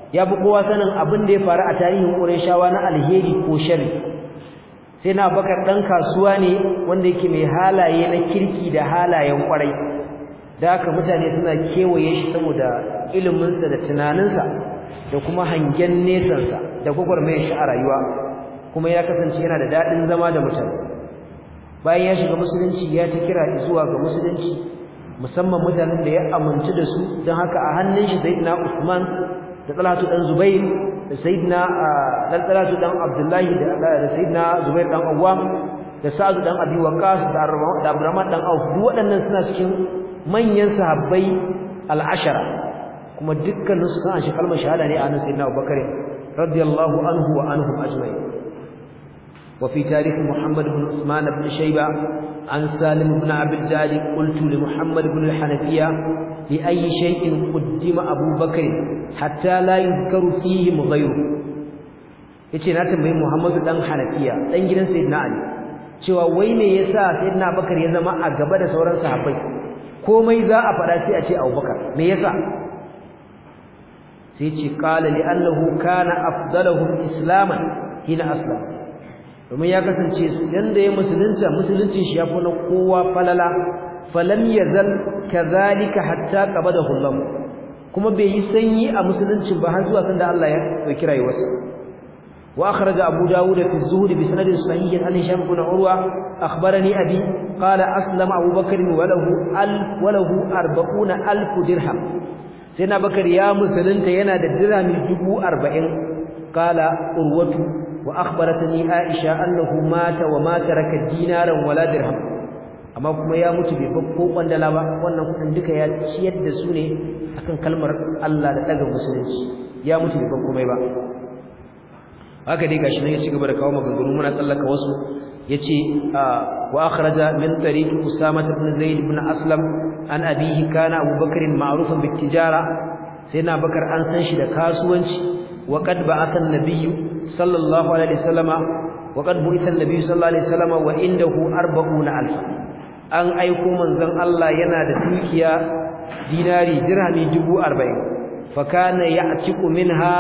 yafi kowa sanin abin da ya faru a tarihin Qurayshawa na alheri ko shari sai na bakar ɗan kasuwa ne wanda yake mai halaye na kirki da halayen ƙwarai. da haka mutane suna kewaye shi saboda iliminsa da tunaninsa da kuma hangen nesansa da gwagwarmayar shi a rayuwa kuma ya kasance yana da daɗin zama da mutane bayan ya shiga musulunci ya ta kira zuwa ga musulunci musamman mutanen da ya amince da su don haka a hannun shi sayyidina Usman da Talatu dan Zubair da sayyidina dan Talatu dan Abdullahi da sayyidina Zubair dan Awwam da Sa'd dan Abi Waqqas da Abdurrahman dan Auf duk waɗannan suna cikin manyan sahabbai al'ashara kuma dukkan su suna shi kalmar shahada ne a hannun sayyidina Abubakar radiyallahu anhu wa anhum ajma'in وفي تاريخ محمد بن عثمان بن شيبة عن سالم بن عبد الجالي قلت لمحمد بن الحنفية لأي شيء قدم أبو بكر حتى لا يذكر فيه غيره yace na tambayi Muhammadu dan Hanafiya dan gidan Sayyidina Ali cewa wai me yasa Sayyidina Abubakar ya zama a gaba da sauran sahabbai komai za a fada sai a ce Abubakar me yasa sai ce qala li annahu kana afdaluhum islaman hina aslama domin ya kasance yanda ya musulunta musuluncin shi ya fi na kowa falala falam yazal kadhalika hatta da Allah kuma bai yi sanyi a musuluncin ba har zuwa sanda Allah ya dauki rayuwarsa wa akhraja Abu Dawud fi az-Zuhd bi sanad sahih an Hisham bin Urwa akhbarani abi qala aslama Abu Bakr wa lahu alf wa lahu 40000 dirham sai na Bakar ya musulunta yana da dirhami 40 qala urwatu وأخبرتني Aisha, أنه wa وما ترك dinaran wala درهم amma kuma ya mutu bai bakko kwandala ba wannan kudin duka ya ciyar da su ne akan kalmar Allah da daga musulunci ya mutu bai bakko mai ba haka dai gashi nan ya ci gaba da kawo maganganu muna tsallaka wasu yace ah, wa akhraja min tariq usama ibn zaid ibn aslam an abihi kana abubakar ma'rufan bitijara tijara sai na bakar an san shi da kasuwanci wa qad ba'atha an-nabiyyu صلى الله عليه وسلم وقد بعث النبي صلى الله عليه وسلم وعنده 40 الف an aiko manzon Allah yana da dukiya dinari dirhami 40 فكان kana منها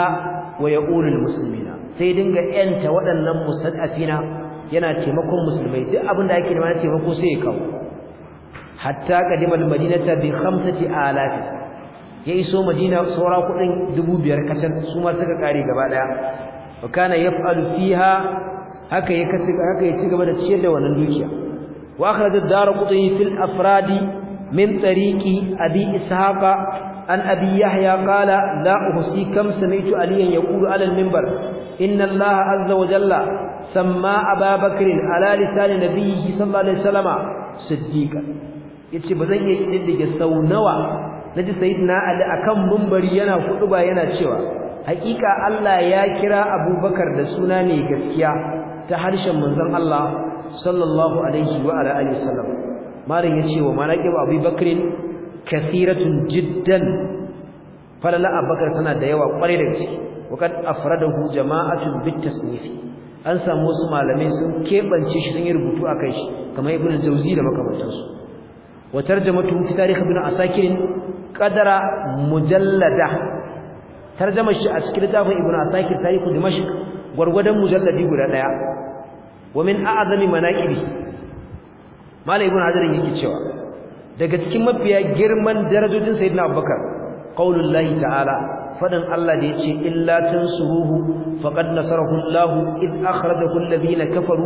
ويقول wa yaqulu muslimina sai dinga yanta waɗannan mustadafina yana taimakon musulmai duk abin da ake nema taimako sai ya kawo hatta qadimal madinata bi khamsati alaf ya iso madina saura kudin 5000 kacal su ma suka kare gaba daya wa kana yaf'alu fiha haka ya kace haka ya cigaba da ciyar da wannan dukiya wa akhrajat darqutni fil afradi min tariqi abi ishaqa an abi yahya qala la uhsi kam sami'tu aliyan yaqulu ala al minbar inna allaha azza wa jalla samma ababakrin ala lisan nabiyhi sallallahu alaihi wasallama siddiqan yace bazan iya kiddige sau nawa naji sayyidina ali akan minbari yana kuduba yana cewa hakika Allah ya kira Abubakar da suna ne gaskiya ta harshen manzon Allah sallallahu alaihi wa ala alihi wasallam malam yace wa manaqib Bakr kathiratun jiddan falala Abubakar tana da yawa kware da gaske wakad afradahu jama'atun tasnif an samu wasu malamai sun kebance shi sun yi rubutu akan shi kamar ibn jawzi da makamantansu wa tarjamatu fi tarikh ibn asakir qadara mujallada tarjama shi a cikin littafin ibn asakir tarihu dimashq gurgurdan mujalladi guda daya wa min a'zami manaqibi malai ibn hajar yake cewa daga cikin mafiya girman darajojin sayyidina abubakar qaulullahi ta'ala fadin Allah da yace illa tansuruhu faqad nasarahu Allah id akhrajahu alladhina kafaru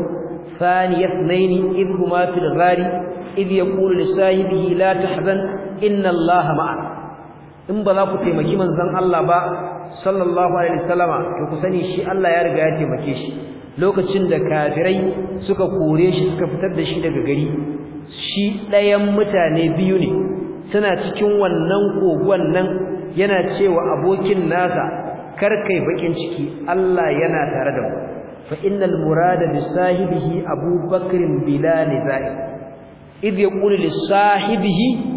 thaniya ithnaini idhuma fil ghari idh yaqulu li sahibihi la tahzan inna Allah ma'ana in ba za ku taimaki manzon Allah ba sallallahu alaihi wasallama to ku sani shi Allah ya riga ya taimake shi lokacin da kafirai suka kore shi suka fitar da shi daga gari shi ɗayan mutane biyu ne suna cikin wannan kogon nan yana cewa abokin nasa kar kai bakin ciki Allah yana tare da mu fa innal murada bi sahibihi abubakrin bilal nizai idh yaqulu li sahibihi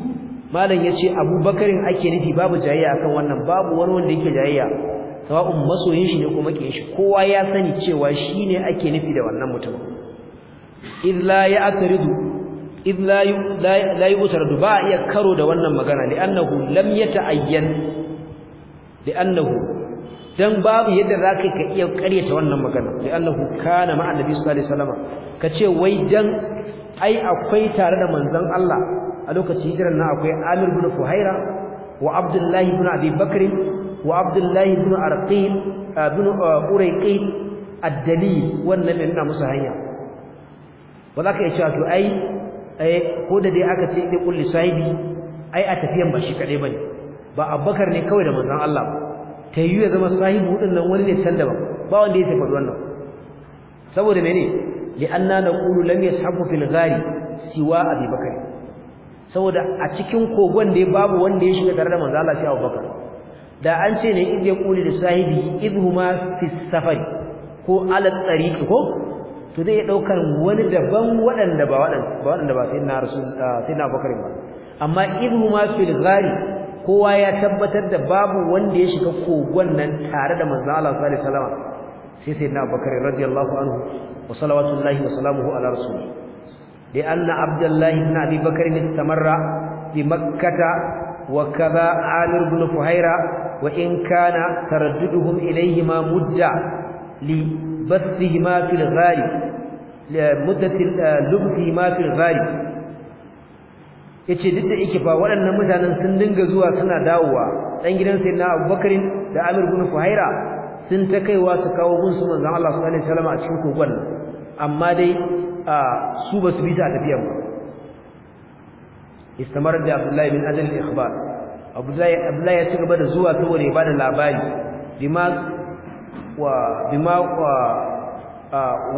malam yace abubakarin ake nufi babu jayayya akan wannan babu wani wanda yake jayayya sawa'un masoyin shi ne kuma ke shi kowa ya sani cewa shine ake nufi da wannan mutum id la ya'taridu id la la da ba ya karo da wannan magana li'annahu lam yata'ayyan li'annahu dan babu yadda zaka ka iya karyata wannan magana li'annahu kana ma'a nabi sallallahu alaihi wasallam kace wai dan ai akwai tare da manzon Allah a lokacin hijiran nan akwai Amir ibn Fuhaira wa Abdullahi ibn Abi Bakr wa Abdullahi ibn Arqil ah, ibn ah, Urayqi ad-Dali wannan ne ina musu hanya wallaka ya ka cewa to ai ko da dai aka ce ne kulli sahibi ai a tafiyan ba shi kadai bane ba Abubakar ne kawai da manzon Allah ta yi ya zama sahibi wadannan wani ne can daban ba wanda ya tafi wannan saboda mene li'anna naqulu lam yashabu fil ghari siwa abi bakr saboda a cikin kogon da babu wanda ya shiga tare da manzo Allah sai Abu Bakar da an ce ne idh yaqulu li sahibi idhuma fi safari ko ala tariq ko to zai daukar wani daban waɗanda ba waɗanda ba sai na rasul sai na Bakar ba amma idhuma fil ghari kowa ya tabbatar da babu wanda ya shiga kogon nan tare da manzo Allah sallallahu alaihi wasallam sai sai na abubakar radiyallahu anhu wa salawatullahi wa salamuhu ala rasul da anna abdullahi ibn abi bakr istamarra bi makkata wa kaza amir ibn fuhaira wa in kana taradduduhum ilayhima mudda li basihima fil ghalib li muddati eh, lubhima fil ghalib yace duk da yake fa waɗannan mutanen sun dinga zuwa suna dawowa dan gidan sayyidina abubakar da amir ibn fuhaira sun ta kaiwa su kawo gun su manzon Allah sallallahu alaihi wasallam a cikin kogon amma dai su basu bi ta tafiyar ba istamar da Abdullahi bin Azal al-ikhbar Abdullahi Abdullahi ya ci gaba da zuwa wane ya bada labari bima wa bima wa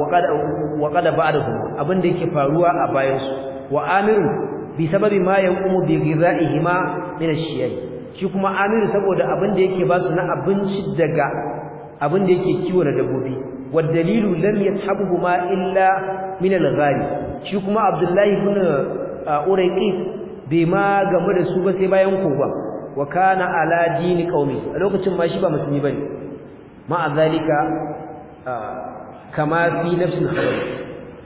wa qad ba'dahu abin da yake faruwa a bayan su wa amiru bi sababi ma kuma bi ghiza'ihima min ash-shi'i shi kuma amiru saboda abin da yake ba su na abinci daga abin da yake kiwo da dabbobi wa dalilu lam yashabuhuma illa min al ghali shi kuma abdullahi ibn uh, urayqi bai ma game da su ba sai bayan kowa wa kana ala dini qaumi a lokacin ma shi ba musulmi bane ma azalika uh, kama fi nafsi al-khabar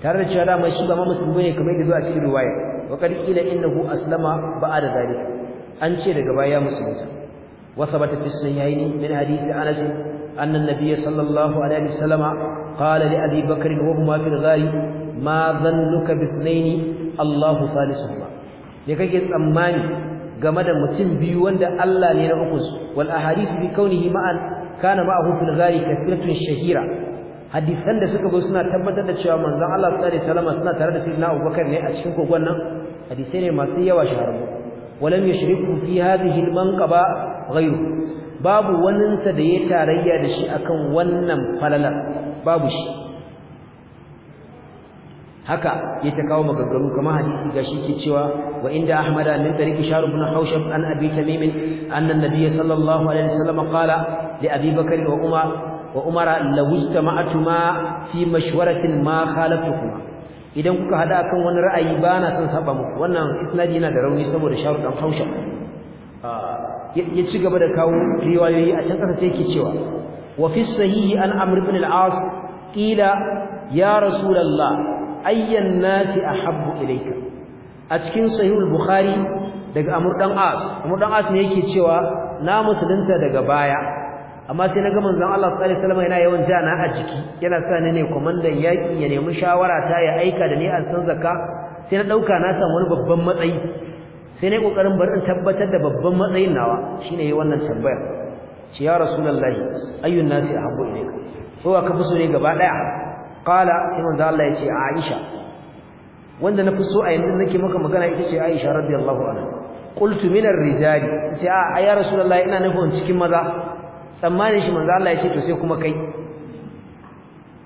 tare da cewa ma shi ba ma musulmi bane kamar yadda zuwa cikin riwaya wa qad qila innahu aslama ba'da zalika an ce daga baya musulmi wa sabata fi sunnaini min hadisi anas أن النبي صلى الله عليه وسلم قال لأبي بكر وهما في الغار ما ظنك باثنين الله ثالثهما لكي تأماني game da mutum biyu wanda Allah ne na uku wal ahadith bi kaunihi ma'an kana ma'ahu fil ghari kathiratun shahira hadisan da suka zo suna tabbatar da cewa manzon Allah sallallahu alaihi wasallam suna tare da sayyidina Abubakar ne a cikin kogon nan hadisai ne masu yawa shahararru walam yashriku fi hadhihi al manqaba babu waninsa da ya tarayya da shi akan wannan falalar babu shi haka ya ta kawo magagaru kamar hadisi gashi ke cewa wa inda ahmada min tariqi shahr ibn hawshab an abi tamim anna an-nabiy sallallahu alaihi wasallam qala li abi bakr wa umar wa umara law ijtama'atuma fi mashwaratin ma khalafukum idan kuka hada akan wani ra'ayi bana son saba muku wannan isnadi yana da rauni saboda shahr ibn hawshab ah. ya ci gaba da kawo riwayoyi a can ƙasa sai yake cewa wa fi sahihi an amr ibn al-as qila ya rasulullah ayyan nasi ahabbu ilayka a cikin sahihul bukhari daga amr dan as amr dan as ne yake cewa na musulunta daga baya amma sai naga manzon Allah sallallahu alaihi wasallam yana yawan jana a jiki yana sa ni ne komandan yaki ya nemi shawara ta ya aika da ni an san zakka sai na dauka na samu wani babban matsayi sai ne kokarin bari in tabbatar da babban matsayin nawa shine yayi wannan tambaya ce ya rasulullahi ayyun nasi ahabbu ilayka ko ka fi so ne gaba daya qala sai manzo Allah ya ce Aisha wanda na fi so a yanzu nake maka magana ita ce Aisha radiyallahu anha qultu min ar-rijali sai a ya rasulullahi ina nufin cikin maza tsammanin shi manzo Allah ya ce to sai kuma kai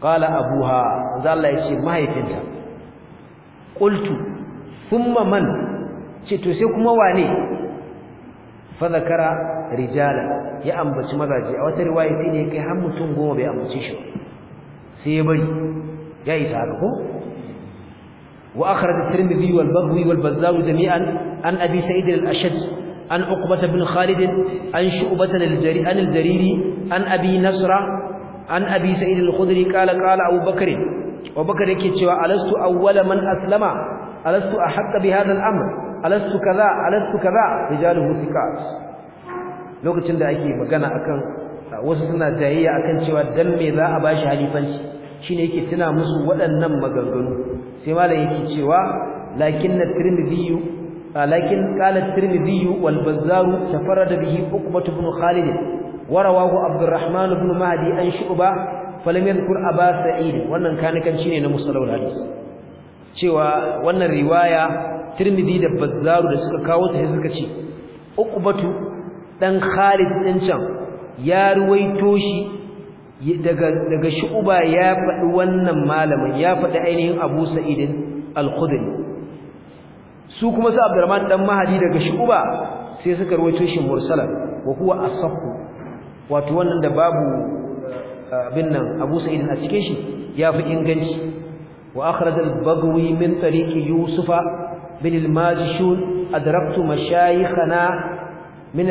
qala abuha manzo Allah ya ce mahaifinta qultu thumma man ce to sai kuma wane fa zakara rijala ya ambaci mazaje a wata riwaya sai ne kai har mutum goma bai ambace shi sai ya bari ya yi haka ko wa akhraj at-tirmidhi wal bahwi wal bazzar jami'an an abi sa'id al-ashad an uqbah ibn khalid an shu'bah al-jari an al-jariri an abi nasra an abi sa'id al-khudri qala qala abu bakr wa bakr yake cewa alastu awwala man aslama alastu ahqqa bi hadha al-amr alastu kaza alastu kaza rijaluhu thiqat lokacin da ake magana akan wasu suna jayayya akan cewa dan me za a bashi halifanci shine yake tuna musu waɗannan maganganu sai malam yake cewa lakin at-tirmidhi lakin qala at-tirmidhi wal bazzar tafarrada bihi uqbah ibn khalid warawahu abdurrahman ibn mahdi an shu'ba falam yadhkur aba sa'id wannan kanikan shine na musallal hadis cewa wannan riwaya tirmidhi da bazzaru da suka kawo ta suka ce uqbatu dan khalid din can ya ruwaito shi daga daga shu'ba ya faɗi wannan malamin ya faɗi ainihin abu sa'id al-khudri su kuma su abdurrahman dan mahadi daga shu'ba sai suka ruwaito shi mursalan wa huwa wato wannan da babu eh, abin nan Abu Sa'id a cikin shi yafi inganci wa akhraj al bagwi min tariqi Yusufa بن الماجشون أدركت مشايخنا من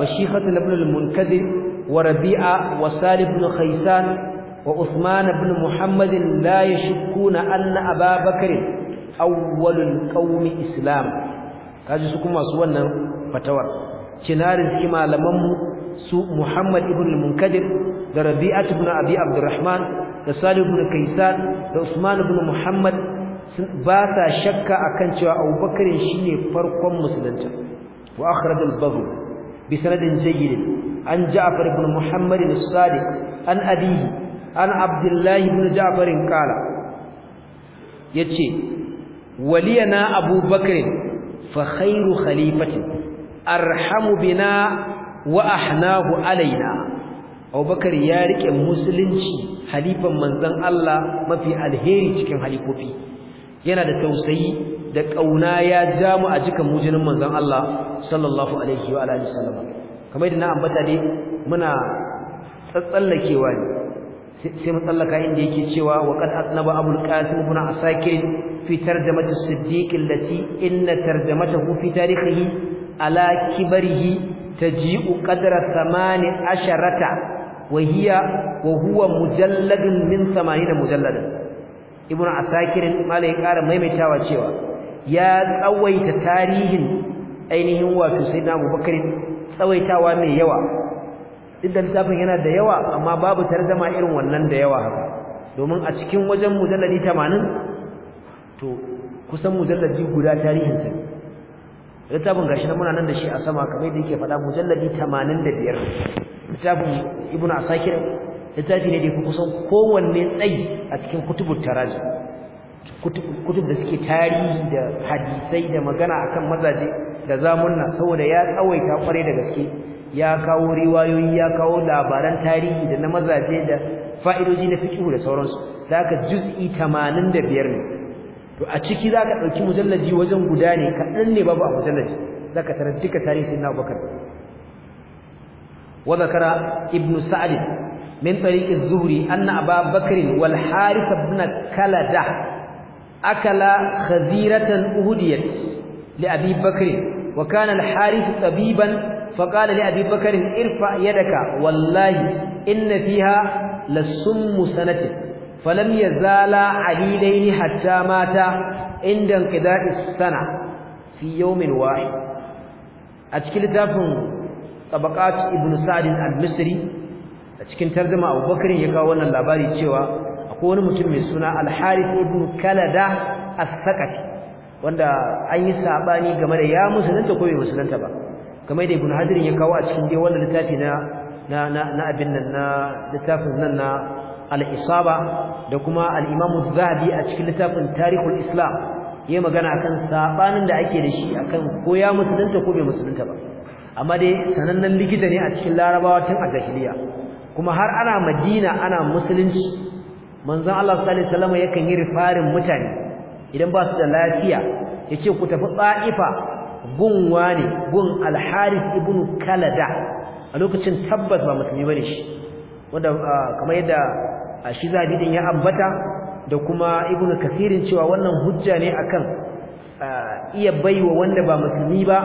مشيخة ابن المنكدر وربيعة وسال بن خيسان وعثمان بن محمد لا يشكون أن أبا بكر أول القوم إسلام kaji su kuma su wannan fatawar cinarin ki malaman mu su Muhammad ibn al-Munkadir da Rabi'at ibn Abi Abdurrahman da Salih ibn da Usman ibn Muhammad ba sa shakka akan cewa Abubakar shine farkon musulunci wa akhraj al-bagh bi sanadin jayyid an Ja'far ibn Muhammad al-Sadiq an abihi an Abdullah ibn Ja'far qala yace waliyana Abubakar fa khairu khalifatin arhamu bina wa ahnahu alaina Abubakar ya rike musulunci halifan manzon Allah mafi alheri cikin halifofi yana da tausayi da kauna ya ja mu a jikan mujinin manzon Allah sallallahu alaihi wa alihi wasallam kamar yadda na ambata dai muna tsatsallakewa ne sai mu tsallaka inda yake cewa wa qad asnaba abul qasim ibn asakir fi tarjamati siddiq allati inna tarjamatahu fi tarihihi ala kibarihi taji'u qadra 18 wa hiya wa huwa mujalladun min 80 mujalladan ibnu asakirin malai kara maimaitawa cewa ya tsawaita tarihin ainihin wato sayyidina abubakar tsawaitawa mai yawa duk da littafin yana da yawa amma babu tarjuma irin wannan da yawa haka domin a cikin wajen mujalladi 80 to kusan mujalladi guda tarihin sa littafin gashi nan muna nan da shi a sama kamar yadda yake faɗa mujalladi 85 littafin ibnu asakir littafi ne da ku kusan kowanne tsayi a cikin kutubut tarazi kutub da suke tarihi da hadisai da magana akan mazaje da zamunna saboda ya tsawaita kware da gaske ya kawo riwayoyi ya kawo labaran tarihi da na mazaje da fa'idoji na fiqh da sauransu zaka juz'i 85 ne to a ciki zaka ɗauki mujallaji wajen guda ne kadan ne babu a mujallaji zaka tarar duka tarihin na Bakar wa zakara ibnu Sa'adin. min tariki zuhri anna aba bakr wal harith ibn kalada akala khaziratan uhudiyat li abi bakr wa kana al harith tabiban fa qala li abi bakr irfa yadaka wallahi inna fiha lasum sanat fa lam yazala alidain hatta mata inda qida'i sana fi yawmin a cikin tafin tabaqat ibn sa'd al-misri a cikin tarjuma Abubakar ya kawo wannan labari cewa akwai wani mutum mai suna Al-Harith ibn Kalada As-Saqafi wanda an yi sabani game da ya musulunta ko bai musulunta ba kamar da Ibn Hajar ya kawo a cikin dai wannan littafi na abin nan na littafin nan na Al-Isaba da kuma Al-Imam zahabi a cikin littafin Tarikhul Islam yayi magana akan sabanin da ake da shi akan ko ya musulunta ko bai musulunta ba amma dai sanannen likita ne a cikin Larabawa tun a jahiliya kuma har ana madina ana musulunci manzon Allah sallallahu alaihi wasallam yakan yi rifarin mutane idan ba su da lafiya yace ku tafi Taifa gun wani gun Al-Harith ibn Kalada a lokacin tabbas ba musulmi bane shi wanda kamar yadda shi zabi din ya ambata da kuma ibn kasirin cewa wannan hujja ne akan iya baiwa wanda ba musulmi ba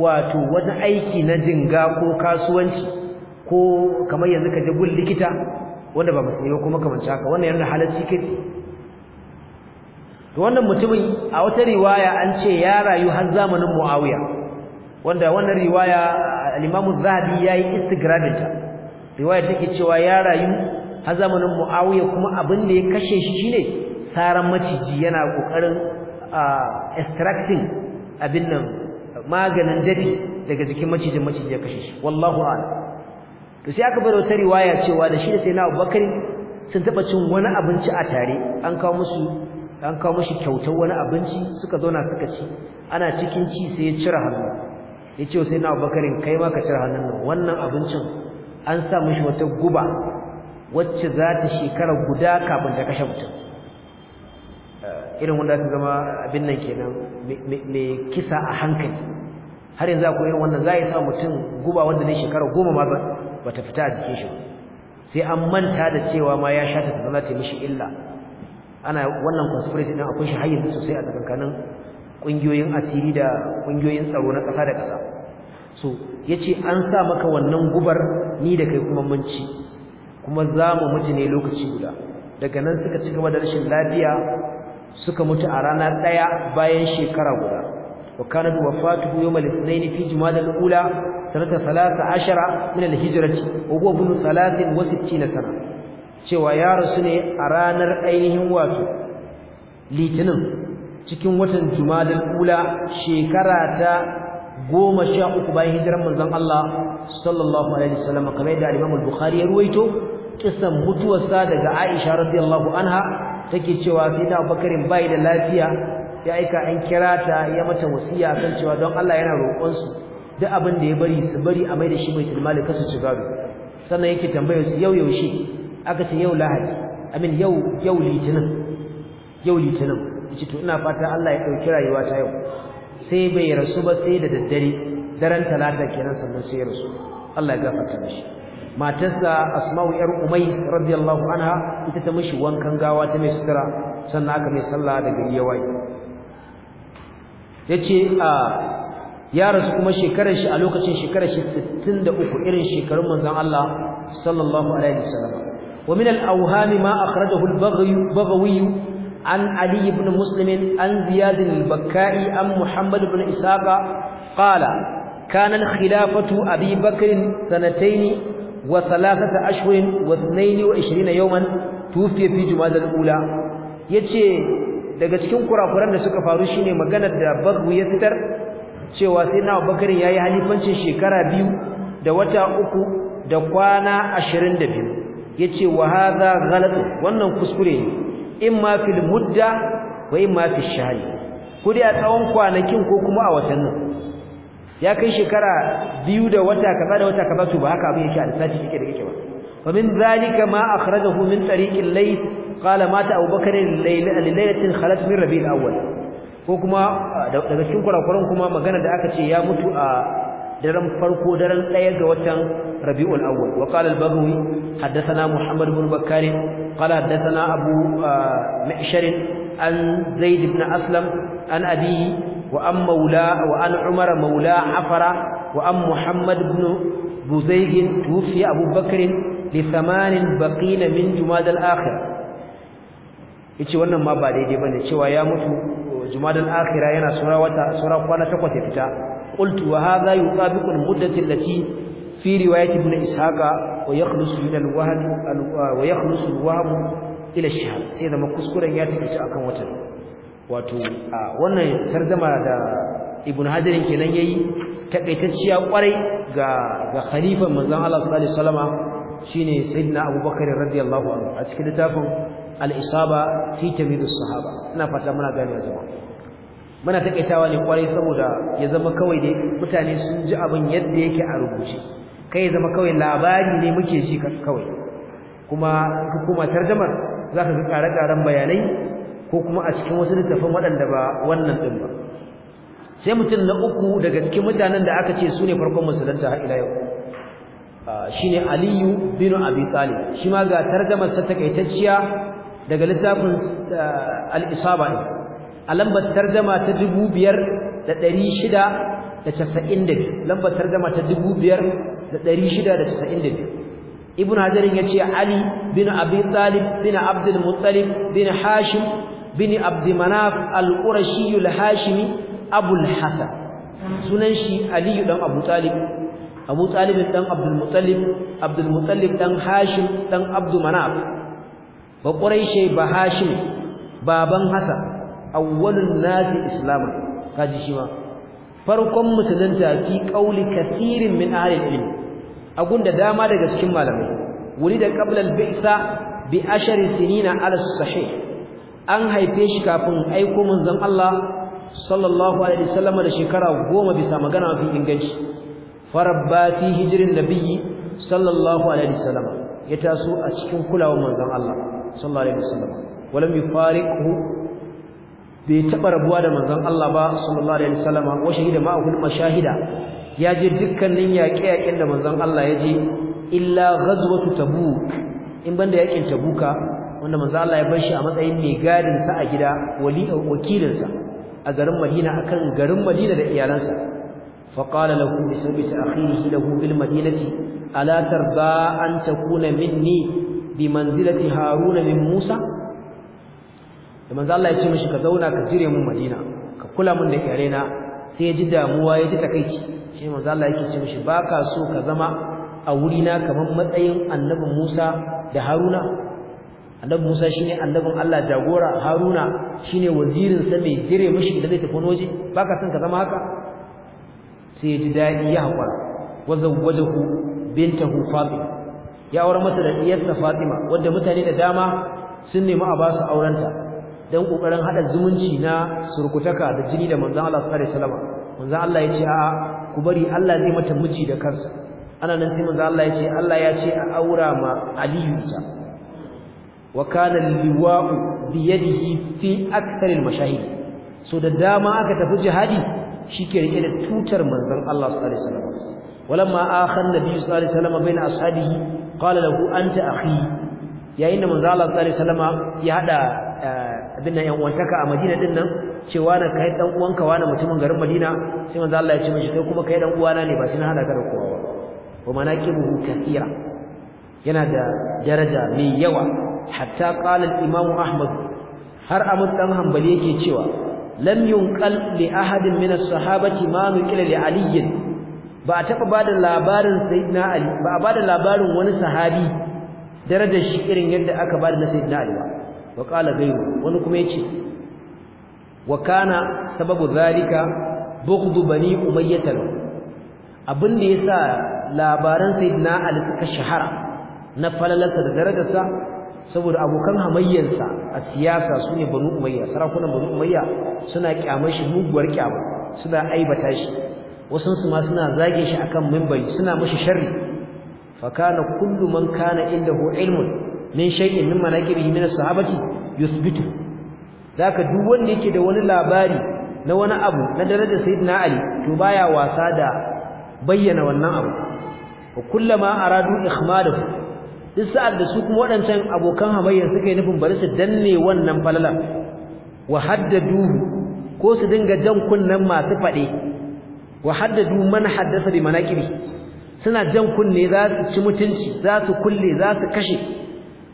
wato wani aiki na jinga ko kasuwanci ko kamar yanzu ka je likita wanda ba musulmi ba kuma kamar haka wannan yana halarci kai to wannan mutumin a wata riwaya an ce ya rayu har zamanin Muawiya wanda wannan riwaya al-Imam Zahabi yi istigrabin ta riwaya take cewa ya rayu har zamanin Muawiya kuma abin da ya kashe shi shine saran maciji yana kokarin extracting abin nan maganin dadi daga jikin macijin macijin ya kashe shi wallahu a'lam to sai aka bar wata riwaya cewa da shi da sai na Abubakar sun taba cin wani abinci a tare an kawo musu an kawo mushi kyautar wani abinci suka zauna suka ci ana cikin ci sai ya cire hannu ya ce sai na Abubakar kai ma ka cire hannun nan wannan abincin an sa mushi wata guba wacce za ta shekara guda kafin ta kashe mutum eh, irin wanda ta zama abin nan kenan mai kisa a hankali har yanzu akwai irin wannan za a yi sa mutum guba wanda ne shekara goma ma bata fita a jikin shi sai an manta da cewa ma ya shata ta zama ta mishi illa ana wannan conspiracy din akwai shi hayyin sosai a tsakankanin kungiyoyin asiri da kungiyoyin tsaro na kasa da kasa so yace an sa maka wannan gubar ni da kai kuma mun ci kuma za mu mutu ne lokaci guda daga nan suka ci gaba da rashin lafiya suka mutu a rana ɗaya bayan shekara guda wa Wafatu yawm al ithnain fi al ula sanata salasa ashara min a hijrati wa huwa ibn 63 sana cewa ya rasu ne a ranar ainihin wato litinin cikin watan jumadal ula shekara ta 13 bayan hijiran manzon Allah sallallahu alaihi wasallam kamar da Imam al-Bukhari ya ruwaito kisan mutuwarsa daga Aisha radiyallahu anha take cewa sai da Abubakarin bai da lafiya ya aika an kira ta ya mata wasiya kan cewa don Allah yana roƙon su duk abin da ya bari su bari a mai da shi mai mali kasu ci gado sannan yake tambayar su yau yaushe aka ce yau lahadi amin yau yau litinin yau litinin yace to ina fata Allah ya ɗauki rayuwa ta yau sai bai rasu ba sai da daddare daren talata kenan sannan sai ya rasu Allah ya gafarta mishi matarsa Asma'u yar umay radiyallahu anha ita ta mishi wankan gawa ta mai sutura sannan aka mai sallah da gari ya waye yace a ah, ya rasu kuma shekarar shi a lokacin shekarar shi 63 irin shekarun manzon Allah sallallahu alaihi wasallam wa min al-awhami ma akhrajahu al-baghawi an ali ibn muslim an ziyad al-bakkai an muhammad ibn isaqa qala kana al-khilafatu abi bakr sanatayn wa thalathata ashhurin wa 22 yawman tufiya fi jumada al-ula yace daga cikin kurakuran da suka faru shine maganar da bagwi ya fitar cewa sai na Abubakar yayi halifancin shekara biyu da wata uku da kwana 22 yace wa hadha ghalat wannan kuskure ne imma fil mudda wa imma fil shahri kudi a tsawon kwanakin ko kuma a watan nan ya kai shekara biyu da wata kaza da wata kaza to ba haka abin yake alisaci yake da yake ba fa min zalika ma akhrajahu min tariqil layl qala mata abubakar laylatin khalat min rabi'il awwal ko kuma ah, daga cikin kurakuran kuma magana da aka ce ya mutu a daren farko daren ɗaya ga watan Rabiul Awwal wa qala al-Baghawi haddathana Muhammad ibn Bakkar qala haddathana Abu ah, Ma'shar an Zaid ibn Aslam an abi wa am Maula wa an Umar Maula Afara wa am Muhammad ibn Buzayh tufi Abu Bakr li thamanin baqina min jumad al-akhir yace wannan ma ba daidai bane cewa ya mutu jumadal akira yana sura wata sura kwana takwas ya fita qultu wa hadha yuqabiqu al-muddati allati fi riwayat ibn ishaqa wa yakhlusu min al wa yakhlusu al ila ash-shahr sai da makuskuren ya take shi akan watan wato wannan tarjuma da ibn hajar kenan yayi takaitacciya kwarai ga ga khalifan manzon Allah sallallahu alaihi wasallama shine sayyidina abubakar radiyallahu anhu a cikin littafin al-isaba fi tamyiz sahaba ina fata muna gane jama'a muna takaitawa ne kwarai saboda ya zama kawai dai mutane sun ji abin yadda yake a rubuce kai ya zama kawai labari ne muke ji kawai kuma ka koma tarjumar zaka ga kare-karen bayanai ko kuma a cikin wasu littafin waɗanda ba wannan din ba sai mutum na uku daga cikin mutanen da aka ce su ne farkon musulunta har ila yau ah, shine Aliyu bin Abi Talib shi ma ga tarjumar sa takaitacciya daga littafin eh, al-isaba ne a lambar tarjama ta 5692 lambar tarjama ta 5692 ibn hajar yace ali bin abi talib bin abdul muttalib bin hashim bin abd manaf al-qurashi al-hashimi Abu abul hasan sunan shi ali dan abu talib abu talib dan abdul muttalib abdul muttalib dan hashim dan abd manaf ba quraishi ba hashim baban hasan awwalun nasi islaman kaji shi ma farkon musulunta fi qauli kaseerin min ahli ilm agunda dama daga cikin malamai wuri da qabla al-bi'sa bi ashar sinina ala sahih an haife shi kafin aiko manzon Allah sallallahu alaihi wasallam da shekara goma bisa magana mafi inganci farabba fi hijrin nabiyyi sallallahu alaihi wasallam ya taso a cikin kulawar manzon Allah sallallahu alaihi wasallam walam yufariqhu bai taba rabuwa da manzon Allah ba sallallahu alaihi wasallam wa shahida mashahida ya je dukkanin yaƙe-yaƙen da manzon Allah ya je illa ghazwatu tabuk in banda yaƙin tabuka wanda manzon Allah ya bar shi a matsayin mai gadin sa a gida wali wakilin sa a garin Madina akan garin Madina da iyalansa fa qala lahu bi sabiti akhihi lahu bil madinati ala tarda an takuna minni bi manzilati haruna min musa da manzo Allah ya ce mishi ka zauna ka jire mu madina ka kula mun da yare na sai ya ji damuwa ya ji takeici shi manzo Allah yake ce mishi baka so ka zama a wuri na kaman matsayin annabi Musa da Haruna annabi Musa shine annabin Allah jagora Haruna shine wazirin sa mai jire mishi da zai tafi waje baka son ka zama haka sai ya ji dadi ya hakura wazawwajahu bintahu Fatima ya aure masa da diyarsa Fatima wanda mutane da dama sun nemi a ba su aurenta dan kokarin hada zumunci na surkutaka da jini da manzon Allah sallallahu alaihi wasallam manzon Allah ya ce ku bari Allah zai mata miji da kansa ana nan sai manzon Allah ya ce Allah ya ce a aura ma Aliyu ita wa kana liwa'u bi yadihi fi akthar al mashahid so da dama aka tafi jihadi shike rike da tutar manzon Allah sallallahu alaihi wasallam ولما آخى النبي صلى الله عليه وسلم بين qala lahu anta akhi yayin da manzo Allah sallallahu alaihi ya hada eh, abin nan yan uwantaka a Madina din nan cewa na kai dan uwanka wani mutumin garin Madina sai manzo Allah ya ce mishi kai kuma kai dan uwana ne ba shi na hada ka da kowa ba wa manaqibuhu kathira yana da daraja mai yawa hatta qala al-imam Ahmad har Ahmad dan Hanbali yake cewa lam yunqal li ahadin min as-sahabati ma nuqila li ba a taba da labarin sayyidina ali ba a da labarin wani sahabi darajar shi irin yadda aka bada na sayyidina ali ba wa qala gairu wani kuma yace wa kana sababu zalika bughd bani umayyah abin da yasa labaran sayyidina ali suka shahara na falalarsa da darajarsa saboda abokan hamayyarsa a siyasa sune Bani umayya sarakunan banu umayya suna kyamar shi muguwar kyama suna aibata shi wasu su ma suna zage shi akan minbari suna mishi sharri fa kana kullu man kana indahu ilmun min shay'in min manaqibi min sahabati yuthbitu zaka duk wanda yake da wani labari na wani abu na darajar sayyidina ali to baya wasa da bayyana wannan abu wa kullama aradu ikhmadahu duk sa'ar da su kuma waɗancan abokan hamayya suka yi nufin bari su danne wannan falalan wa haddaduhu ko su dinga jan kunnen masu faɗe wa haddadu man haddasa bi manaqibi suna jan kunne za su ci mutunci za su kulle za su kashe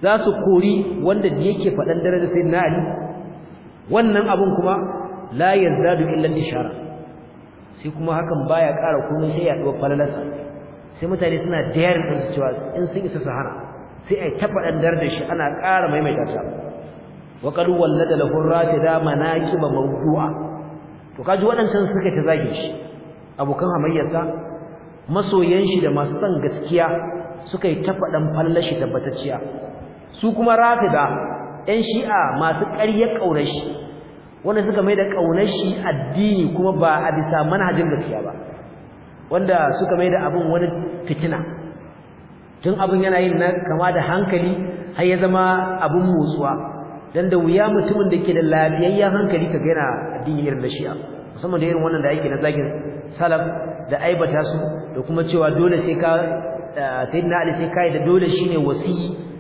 za su kori wanda yake faɗan darajar sayyidina ali wannan abun kuma la yazdadu illa ishara sai kuma hakan baya ƙara komai sai ya yaɗuwar falalarsa sai mutane suna dayar da su cewa in sun isa sahara sai ai ta faɗan darajar shi ana ƙara maimaita ta wa qad wallada lahu ar-rafida manaqiba mawdu'a to kaji waɗancan suka ta zage shi abokan hamayyarsa masoyan shi da masu san gaskiya suka yi ta fallashi tabbatacciya su kuma rafida ɗan shi'a masu ƙarya ƙaunar shi wanda suka mai da ƙaunar shi addini kuma ba a bisa manhajin gaskiya ba wanda suka mai da abin wani fitina tun abin yana yin na kama da hankali har ya zama abin motsuwa dan da wuya mutumin da ke da lafiyayyen hankali kaga yana addini irin na shi'a musamman da irin wannan da ake na zagin salaf da aibata su da kuma cewa dole sai ka eh, sayyidina ali sai kai da dole shine wasi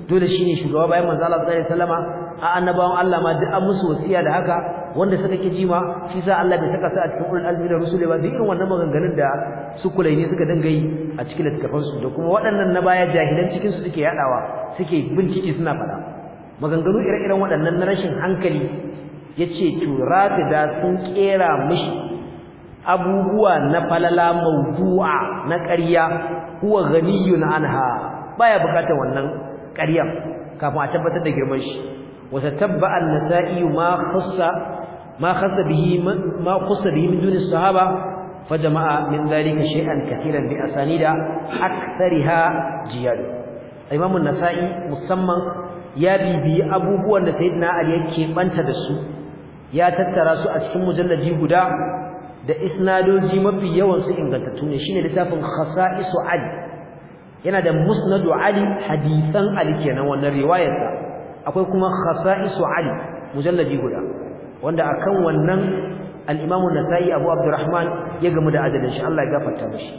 dole shine shugaba bayan manzo Allah sallallahu alaihi wasallama a annabawan Allah ma duk an musu wasiya da haka wanda suka ki jima shi sa Allah bai saka su a cikin ulul albi da rusuli ba duk wannan maganganun da su kulaini suka danga yi a cikin littafan su da kuma waɗannan na baya jahilan cikin su suke yadawa suke bincike suna faɗa maganganu ire-iren waɗannan na rashin hankali yace to da sun kera mishi abubuwa na falala mawdu'a na ƙarya huwa ghaniyun anha baya bukatar wannan ƙaryar kafin a tabbatar da girman shi wa tatabba an-nasa'i ma khassa ma khassa bihi ma khassa bihi min duni sahaba فجمع من katiran شيئا كثيرا بأسانيد أكثرها جيال إمام النسائي musamman ya bibiyi abubuwan da sayyidina Ali yake banta da su ya tattara su a cikin mujallaji guda da isnadoji mafi yawan su ingantattu ne shine littafin khasa'isu ali yana da musnadu ali hadisan ali kenan wannan riwayarsa akwai kuma khasa'isu ali mujallaji guda wanda akan wannan al-Imam nasai Abu Abdurrahman ya gamu da adalin shi Allah ya gafarta mishi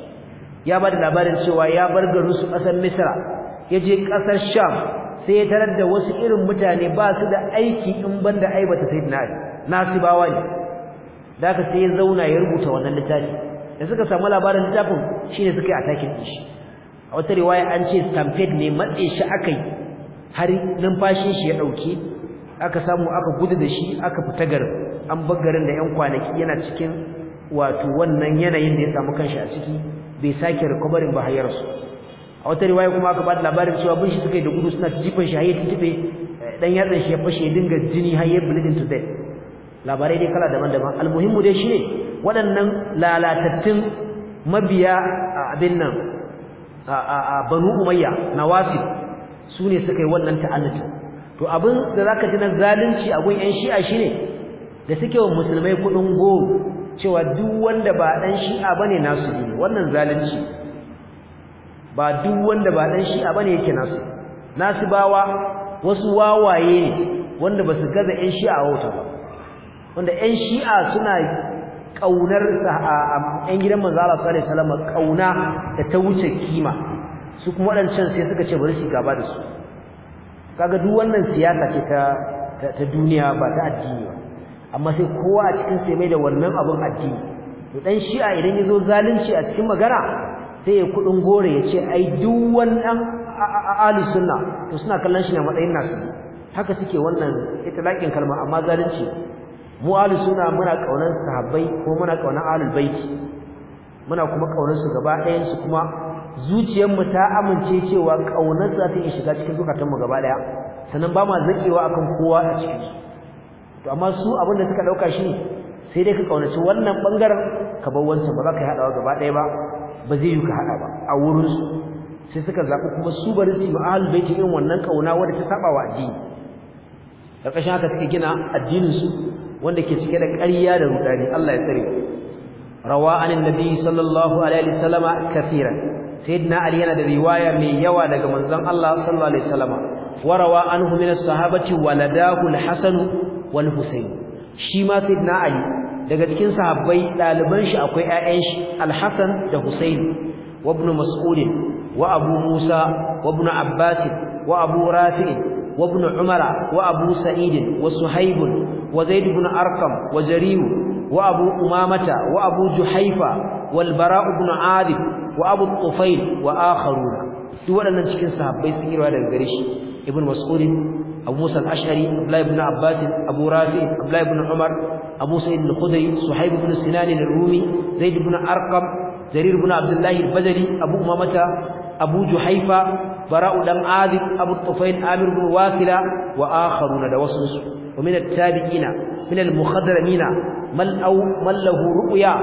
ya bada labarin cewa ya bar garin su kasar Misra je kasar Sham sai ya tarar da wasu irin mutane ba su da aiki in banda aibata sayyidina Ali nasibawa ne zaka sai ya zauna ya rubuta wannan littafi da suka samu labarin littafin shine suka yi atakin shi a wata riwaya an ce stampede ne matse shi akai har numfashin shi ya dauke aka samu aka gudu da shi aka fita garin an bar garin da yan kwanaki yana cikin wato wannan yanayin da ya samu kanshi a ciki bai sake recovery ba hayar su a wata riwaya kuma aka bada labarin cewa bin shi suka yi da gudu suna jifan shi hayyar tutufe dan yatsan shi ya fashe ya dinga jini har ya bleeding to death labarai dai kala daban-daban almuhimmu dai shine waɗannan lalatattun mabiya a abin nan a banu umayya nawasib su ne suka yi wannan ta'allatu to abin da zaka ji na zalunci a gun yan shi'a shine da suke wa musulmai kudin goro cewa duk wanda ba dan shi'a bane nasu ne wannan zalunci ba duk wanda ba dan shi'a bane yake nasu nasu bawa wasu wawaye ne wanda ba su gaza yan shi'a wata ba wanda ƴan shi'a suna kaunar ƴan gidan manzo Allah sallallahu alaihi wasallam kauna da ta wuce kima su kuma wadancan sai suka ce bari shi gaba da su kaga duk wannan siyasa ce ta duniya ba ta addini ba amma sai kowa a cikin sai mai da wannan abun addini to dan shi'a idan ya zo zalunci a cikin magana sai ya kudin gore ya ce ai duk wannan ahli sunna to suna kallon shi ne matsayin nasu haka suke wannan itlaqin kalma amma zalunci mu ahlus sunna muna kaunar sahabbai ko muna kaunar ahlul bait muna kuma kaunar su gaba ɗayan su kuma zuciyar mu ta amince cewa kaunar za ta shiga cikin zukatan mu gaba ɗaya sannan ba ma zakewa akan kowa a cikin su to amma su abin da suka dauka shi sai dai ka kaunaci wannan bangaren ka bar wancan ba za ka hadawa gaba ɗaya ba ba zai yi ka hada ba a wurin su sai suka zaɓi kuma su bari su ma ahlul bait irin wannan kauna wadda ta saba wa addini da kashin haka suka gina addinin su wanda ke cike da ƙarya da rudani Allah ya tsare rawa anin nabi sallallahu alaihi wasallama kaseeran sayyidina ali yana da riwaya mai yawa daga manzon Allah sallallahu alaihi wasallama wa rawa anhu min as-sahabati waladahu al-hasan wal husayn shi ma sayyidina ali daga cikin sahabbai daliban shi akwai ƴaƴan shi al-hasan da husayn wa ibn mas'ud wa abu musa wa ibn abbas wa abu rafi' وابن عمر وابو سعيد وصهيب وزيد بن ارقم وجرير وابو امامه وابو جحيفه والبراء بن عاذب وابو الطفيل واخرون duk waɗannan cikin sahabbai sun yi rawa daga gare shi ibn mas'ud abu musa al-ash'ari abdullah ibn abbas abu rafi abdullah ibn umar abu sa'id al-khudri suhaib ibn sinan al-rumi zaid ibn arqam jarir ibn abdullah al-bajali abu umamata abu juhaifa bara'u dan azib abu tufail amir bin wasila wa akharuna da wasu su wa min at-tabi'ina min al-mukhadramina mal ru'ya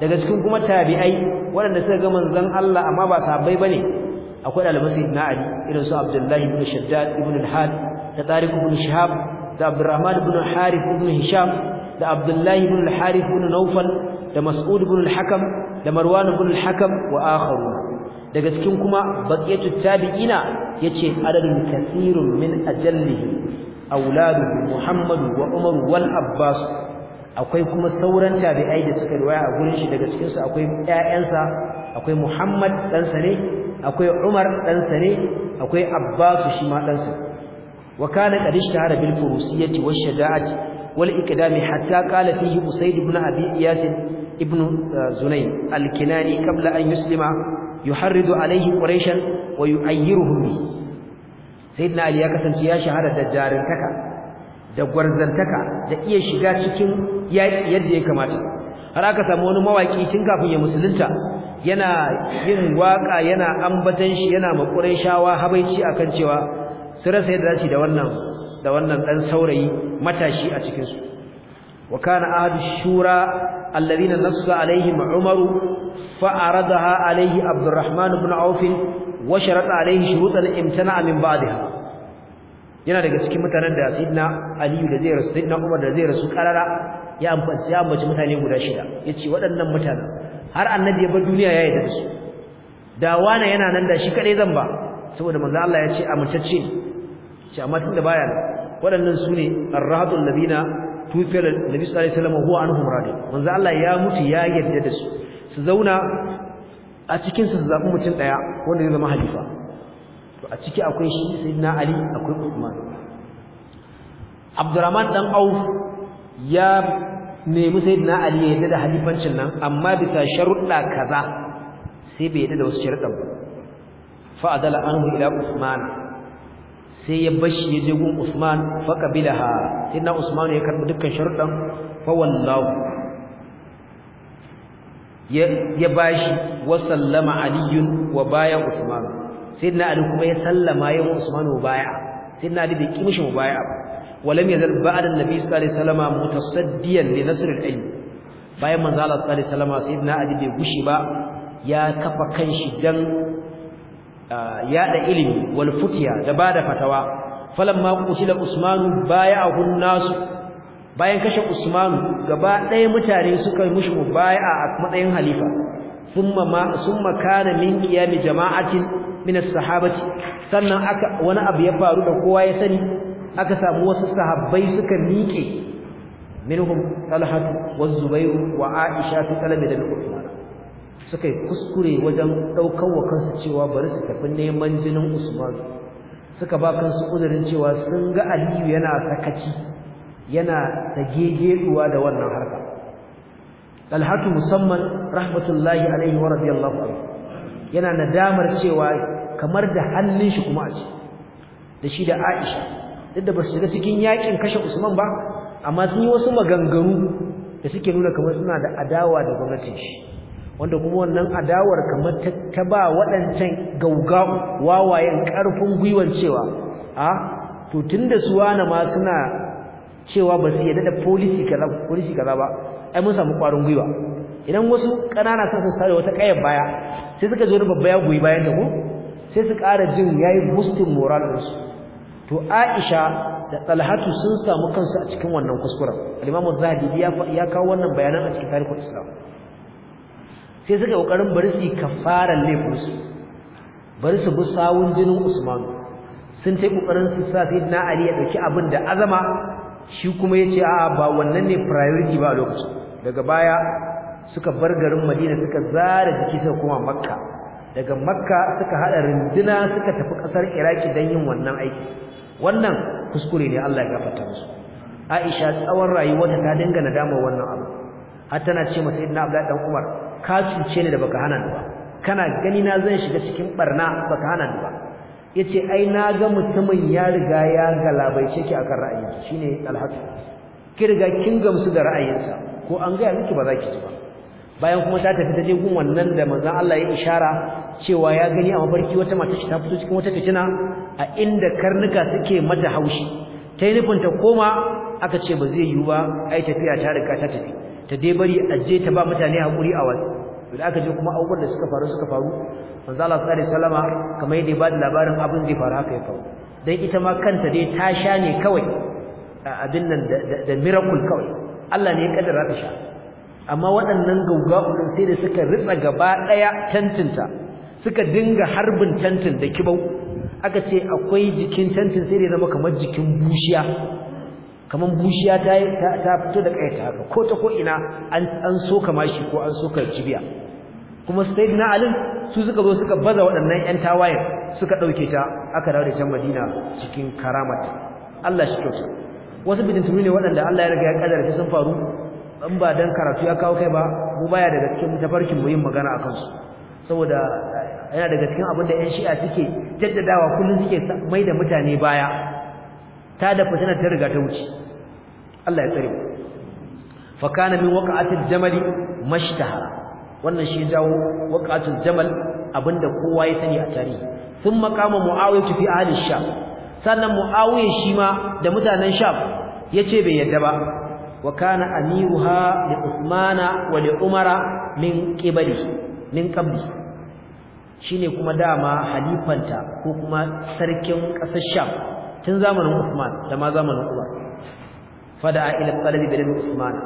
daga cikin kuma tabi'ai waɗanda suka ga manzon Allah amma ba sahabbai bane akwai dalibai sayyidina ali irin su abdullahi bin shaddad ibn al-had da tariq ibn shihab da abdurrahman ibn harith ibn hisham da abdullahi ibn al-harith ibn nawfal da mas'ud ibn al-hakam da marwan ibn al-hakam wa akharuna daga cikin kuma baqiyatu tabi'ina yace adadun kathirun min ajallihi auladu muhammadu wa umaru wal abbas akwai kuma sauran tabi'ai da suka riwaya a gurin shi daga cikin su akwai ƴaƴansa akwai muhammad dan sa ne akwai umar dan sa ne akwai abbas shi ma dan sa wa kana qad ishtahara bil furusiyyati wash shaja'ati wal iqdami hatta qala fihi usayd ibn abi iyas ibn eh, zunayn al-kinani qabla an yuslima yuharridu alaihi quraishan wa yu'ayyiruhum bi sayyidina ali ya kasance ya shahara da jarintaka da gwarzantaka da iya shiga cikin yadda ya kamata har aka samu wani mawaki tun kafin ya musulunta yana yin waka yana ambatan shi yana ma quraishawa habaici kan cewa su rasa yadda zasu da wannan da wannan dan saurayi matashi a cikin وكان عهد الشورى الذين نص عليهم عمر فأردها عليه عبد الرحمن بن عوف وشرط عليه شروطا امتنع من بعدها yana daga cikin mutanen da sayyidina aliyu da zai rasu sayyidina umar da zai rasu karara ya amfanci ya ambaci mutane guda shida yace waɗannan mutane. har annabi ya bar duniya yayi da su da na yana nan da shi kadai zan ba saboda manzo Allah ya ce amintacce ne ce amma tun da baya waɗannan su ne arhatul ladina tufiyar nabi sallallahu alaihi wasallam huwa anhum radi manzo Allah ya mutu ya yarda da su su zauna a cikin su zabi mutum daya wanda zai zama halifa to a ciki akwai shi sayyidina ali akwai Uthman Abdurrahman dan Auf ya nemi sayyidina ali ya yarda da halifancin nan amma bisa sharuɗa kaza sai bai yarda da wasu sharuɗan ba fa adala anhu ila Uthman sai ya bashi ya je gun Usman fa kabilaha sai na Usman ya karbi dukkan sharuɗan fa wallahu ya ya bashi wa sallama aliyun wa baya Usman sai na Ali kuma ya sallama ya Usman wa baya sai na Ali bai ki mishi mubaya ba walam yazal ba'da annabi sallallahu alaihi wasallam mutasaddiyan li nasr al-ilm bayan manzo Allah sallallahu alaihi wasallam sai na Ali bai gushi ba ya kafa kanshi dan yada ilimi wal futiya da bada fatawa falamma qutila usman bay'ahu an-nas bayan kashe usman gaba ɗaya mutane suka mushi mubay'a a matsayin halifa thumma ma thumma kana min qiyam jama'atin min as-sahabati sannan aka wani abu ya faru da kowa ya sani aka samu wasu sahabbai suka miƙe minhum talha wa zubayr wa aisha talabi da usman suka kuskure wajen ɗaukar wa kansu cewa bari su tafi neman jinin usman suka ba kansu uzurin cewa sun ga aliyu yana sakaci yana tagegeduwa da wannan harka talhatu musamman rahmatullahi alaihi wa radiyallahu anhu yana nadamar cewa kamar da hannun shi kuma a ce da shi da aisha duk da ba su shiga cikin yakin kashe usman ba amma sun yi wasu maganganu da suke nuna kamar suna da adawa da gwamnatin shi wanda kuma wannan adawar kamar ta ba waɗancan gaugau wawayen ƙarfin gwiwan cewa a to tunda su wani ma suna cewa ba su yadda da policy kaza kaza ba ai mun samu ƙwarin gwiwa idan wasu ƙanana sun sassa da wata ƙayar baya sai suka zo da babba ya goyi bayan da ku sai su ƙara jin yayi boosting moral su. to Aisha da Talhatu sun samu kansu a cikin wannan kuskuren al-Imam ya kawo wannan bayanan a cikin tarihin Islam sai suka kokarin bari su yi kafaran laifinsu. su bari su bi sawun jinin Usman sun tai kokarin su sa sayyidina Ali ya ɗauki abin da azama shi kuma ya ce a ba wannan ne priority ba a lokacin daga baya suka bar garin Madina suka zara jiki suka koma Makka daga Makka suka hada rinduna suka tafi kasar Iraki dan yin wannan aiki wannan kuskure ne Allah ya gafarta musu Aisha tsawon rayuwarta ta dinga nadama wannan abu har tana ce masa Sayyidina Abdullah dan Umar ka cince ni da baka hana ni ba kana gani na zan shiga cikin barna baka hana ni ba yace ai na ga mutumin ya riga ya galabaice ki akan ra'ayi shine alhaq ki riga kin gamsu da ra'ayinsa ko an ga miki ba za ki ci ba bayan kuma ta tafi ta je gun wannan da manzon Allah ya ishara cewa ya gani a mafarki wata mata ta fito cikin wata fitina a inda karnuka suke mata haushi ta yi nufin ta koma aka ce ba zai yiwu ba ai tafiya ta riga ta tafi ta dai bari aje ta ba mutane hakuri a wasu da aka je kuma abubuwan da suka faru suka faru manzo Allah sallallahu alaihi wasallama kamar yadda ba da labarin abin zai faru haka ya faru dan ita ma kanta dai ta sha ne kawai abin nan da miracle kawai Allah ne ya kaddara ta sha amma waɗannan gaugawun sai da suka ritsa gaba ɗaya tantinta suka dinga harbin tantin da kibau aka ce akwai jikin tantin sai da zama kamar jikin bushiya kamar bushiya ta ta fito da kai ta haka ko ta ko ina an an soka mashi ko an soka jibiya. kuma sayyidina ali su suka zo suka baza waɗannan ƴan tawayen suka dauke ta aka dawo da ta Madina cikin karamata Allah shi kyauta wasu bidintumi ne waɗanda Allah ya riga ya kaddara sun faru in ba dan karatu ya kawo kai ba mu baya daga cikin tafarkin mu yin magana akan su saboda eh, yana daga cikin abin da 'yan shi'a suke jaddadawa kullun suke mai da mutane baya ta da fitina ta riga ta wuce Allah ya tsare mu fa kana min waqa'atil jamali mashtahara wannan shi jawo waqa'atul jamal abinda kowa ya sani a tarihi sun makama mu'awiyah fi ahli sham sannan mu'awiyah shi ma da mutanen sham yace bai yadda ba wa kana amiruha li usmana wa li umara min qibali min qabli shine kuma dama halifanta ko kuma sarkin ƙasar Sham tun zamanin Usman da ma zamanin Umar fada ila qalbi bin usman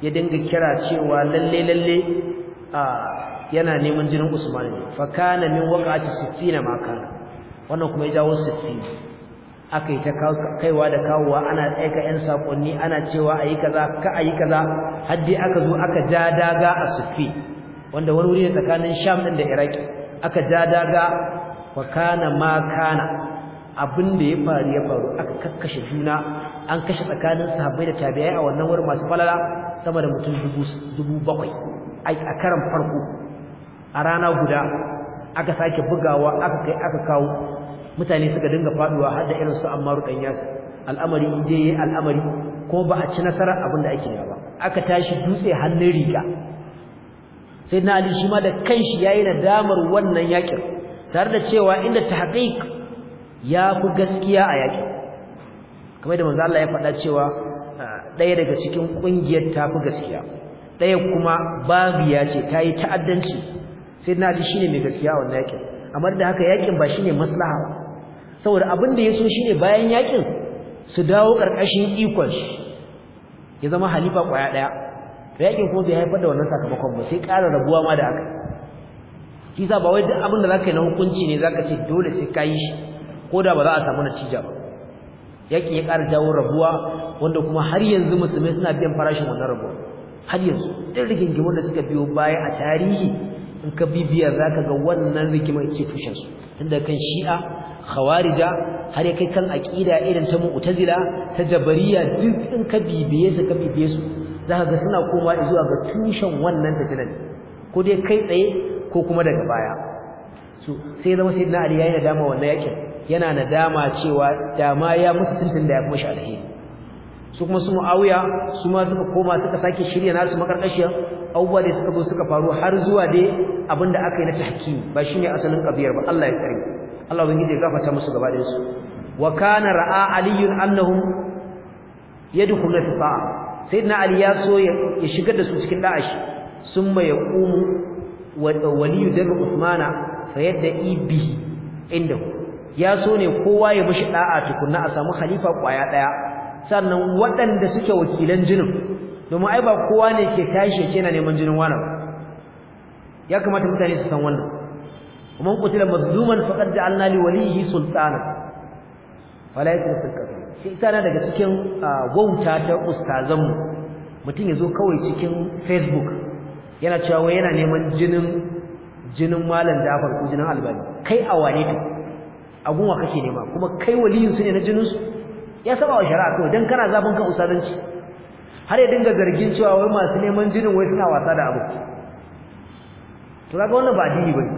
ya dinga kira cewa lalle lalle a yana neman jinin usman fa kana min waqati sittina ma kana wannan kuma ya jawo sittin akai ta kaiwa da kawowa ana aika yan sakonni ana cewa ayi kaza ka ayi kaza haddi aka zo aka ja daga a sufi wanda wani wuri ne tsakanin sham din da iraki aka ja daga wa kana ma kana abin da ya faru ya faru aka kakkashe juna an kashe tsakanin sahabbai da tabi'ai a wannan wurin masu falala sama da mutum dubu bakwai a karan farko a rana guda aka sake bugawa aka kai aka kawo mutane suka dinga faduwa har irin su amma rukan Yasir al'amari inda yayi al'amari ko ba a ci nasara abin da ake ba aka tashi dutse hannun riga sai na Ali shi ma da kanshi yayi nadamar wannan yakin tare da cewa inda tahqiq ya fi gaskiya a yakin kamar da manzo Allah ya faɗa cewa ah, ɗaya daga cikin kungiyar tafi gaskiya ɗaya kuma babiya ce ta yi ta'addanci sai na ji shine mai gaskiya wannan yakin amma da haka yakin ba shine maslaha ba saboda abin da ya shine bayan yakin su dawo karkashin ikon shi ya zama halifa kwaya daya to yakin kuma bai haifar da wannan sakamakon ba sai ƙara rabuwa ma da haka kisa ba wai duk abin da zaka yi na hukunci ne zaka ce dole sai ka yi shi ko da ba za a samu natija ba yaki ya ƙara jawo rabuwa wanda kuma har yanzu musulmai suna biyan farashin wannan rabuwa har yanzu duk rigingimun da suka biyo baya a tarihi in ka bibiya zaka ga wannan rigimar ke tushen su tunda kan shi'a khawarija har ya kai kan aqida irin ta mu'tazila ta jabariya duk in ka bibiye su ka bibiye su ka ga suna koma zuwa ga tushen wannan fitinan ko dai kai tsaye ko kuma daga baya so sai zama sayyidina ali na dama wannan yakin yana nadama cewa dama ya musu tuntun da ya kuma shi alheri su kuma su Muawiya su ma suka koma suka sake shirya su makarkashiyar abubuwa da suka zo suka faru har zuwa dai abinda aka yi na tahki ba shine asalin kabiyar ba Allah ya kare Allah ubangiji ya gafarta musu gaba ɗayan su wa kana ra'a aliyun annahum yadkhulu fi ta'a sayyidina ali ya so ya shigar da su cikin da'ashi summa yaqumu wa waliyu daga usmana fa yadda ibi indahu ya so ne kowa ya mishi da'a tukunna a samu khalifa kwaya daya sannan waɗanda suke wakilan jinin domin ai ba kowa ne ke tashi yake na neman jinin wannan, ya kamata mutane su san wannan kuma qutila mazluman faqad ja'alna li waliyhi sultana fala yakun shi tana daga cikin gwauta ta ustazan mu mutum yazo kawai cikin facebook yana cewa yana neman jinin jinin malam Jafar ko jinin Albani kai awane ta. abun wa kake nema kuma kai waliyin su ne na jinin su ya saba wa shari'a to dan kana zafin kan usalanci har ya dinga zargin cewa wai masu neman jinin wai suna wasa da abu to kaga wannan ba addini bane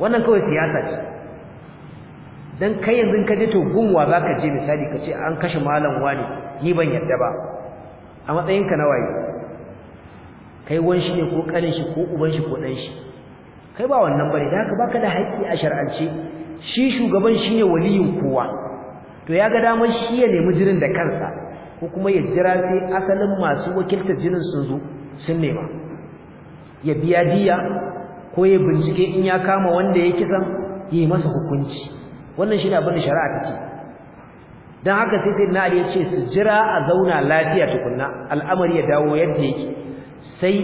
wannan kawai siyasa ce dan kai yanzu ka je to gunwa zaka je misali ka ce an kashe malam wani ni ban yadda ba a matsayinka na waye kai wan shi ne ko kanin shi ko uban shi ko dan shi kai ba wannan bane da haka baka da haƙƙi a shar'ance shi shugaban shine waliyin kowa to ya ga damar shi ya nemi jirin da kansa ko kuma ya jira sai asalin masu wakiltar jinin sun zo sun nema ya biya diya ko ya bincike in ya kama wanda ya kisan ya yi masa hukunci wannan shine abin da shari'a ta ce dan haka sai sai Ali ya ce su jira a zauna lafiya tukunna al'amari ya dawo yadda yake sai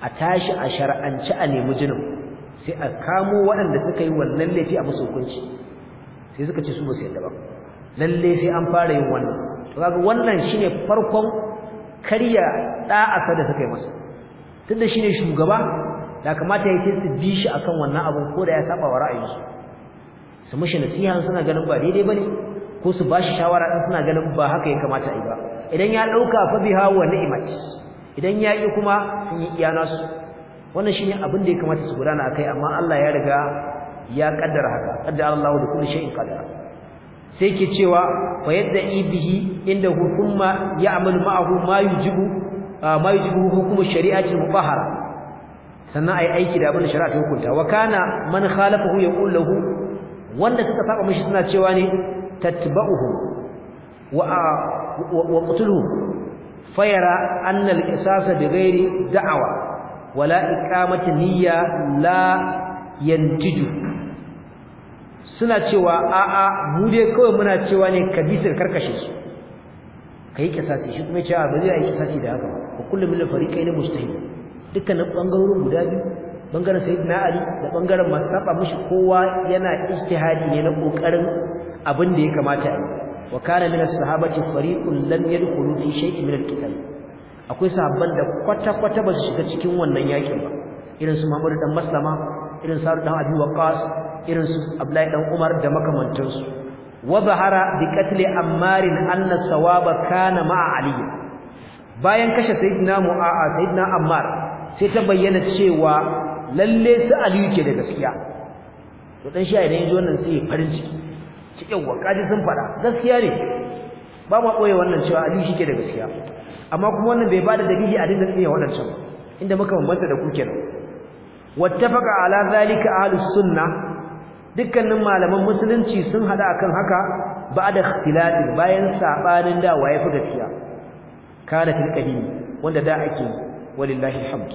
a tashi a shar'anci a nemi jinin sai a kamo waɗanda suka yi wannan laifi a musu hukunci sai suka ce su ba su yadda ba lalle sai an fara yin wannan to kaga wannan shine farkon karya ɗa'asa da suka yi masa tunda shine shugaba da kamata ya ce su bi shi akan wannan abu ko da ya saba wa ra'ayinsu su mishi nasiha suna ganin ba daidai bane ko su bashi shawara ɗan suna ganin ba haka ya kamata a yi ba idan ya ɗauka fa biha wa ni'mat idan ya yi kuma sun yi iyana su wannan shine abin da ya kamata su gudana akai amma Allah ya riga ya kaddara haka qaddara Allahu da kulli shay'in qadara sai ke cewa fa yadda ibihi inda hukumma ya'malu ma'ahu ma yujibu ma yujibu hukum shari'ati mubahara sannan ai aiki da abin shari'a ta hukunta wa kana man khalafahu yaqul lahu wanda suka saba mishi suna cewa ne tatba'uhu wa wa fayara anna al-qisasa bighairi da'awa. wala iqamati niyya la yantiju suna cewa a'a mu dai kawai muna cewa ne kabisir karkashe su kai kisasi shi kuma cewa ba zai yi kisasi da haka ba kullum min fariqaini mustahil Dukkan bangarorin guda biyu bangaren sayyidina ali da bangaren masu saba mishi kowa yana ijtihadi ne na kokarin abin da ya kamata a yi wa kana min as-sahabati fariqun lam yadkhulu fi shay'in min al-kitab akwai sahabban da kwata-kwata ba su shiga cikin wannan yakin ba irin su Muhammadu dan Maslama irin Sa'd dan Abi Waqqas irin su Abdullahi dan Umar da makamantansu wa bahara bi qatli Ammar anna sawaba kana ma'a Ali bayan kashe sayyidina Mu'a sayyidina Ammar sai ta bayyana cewa lalle su Ali yake da gaskiya to dan shi idan yaji wannan sai farin ciki cikin wakaji sun fada gaskiya ne ba ma boye wannan cewa Ali shi ke da gaskiya amma kuma wannan bai bada dalili a dinga tsiya wadancan ba inda muka bambanta da kuke kenan wattafaqa ala zalika ahlus sunna dukkanin malaman musulunci sun hada akan haka ba'da ikhtilafin bayan sabanin da waye fi gaskiya kana fil qadim wanda da ake walillahi alhamd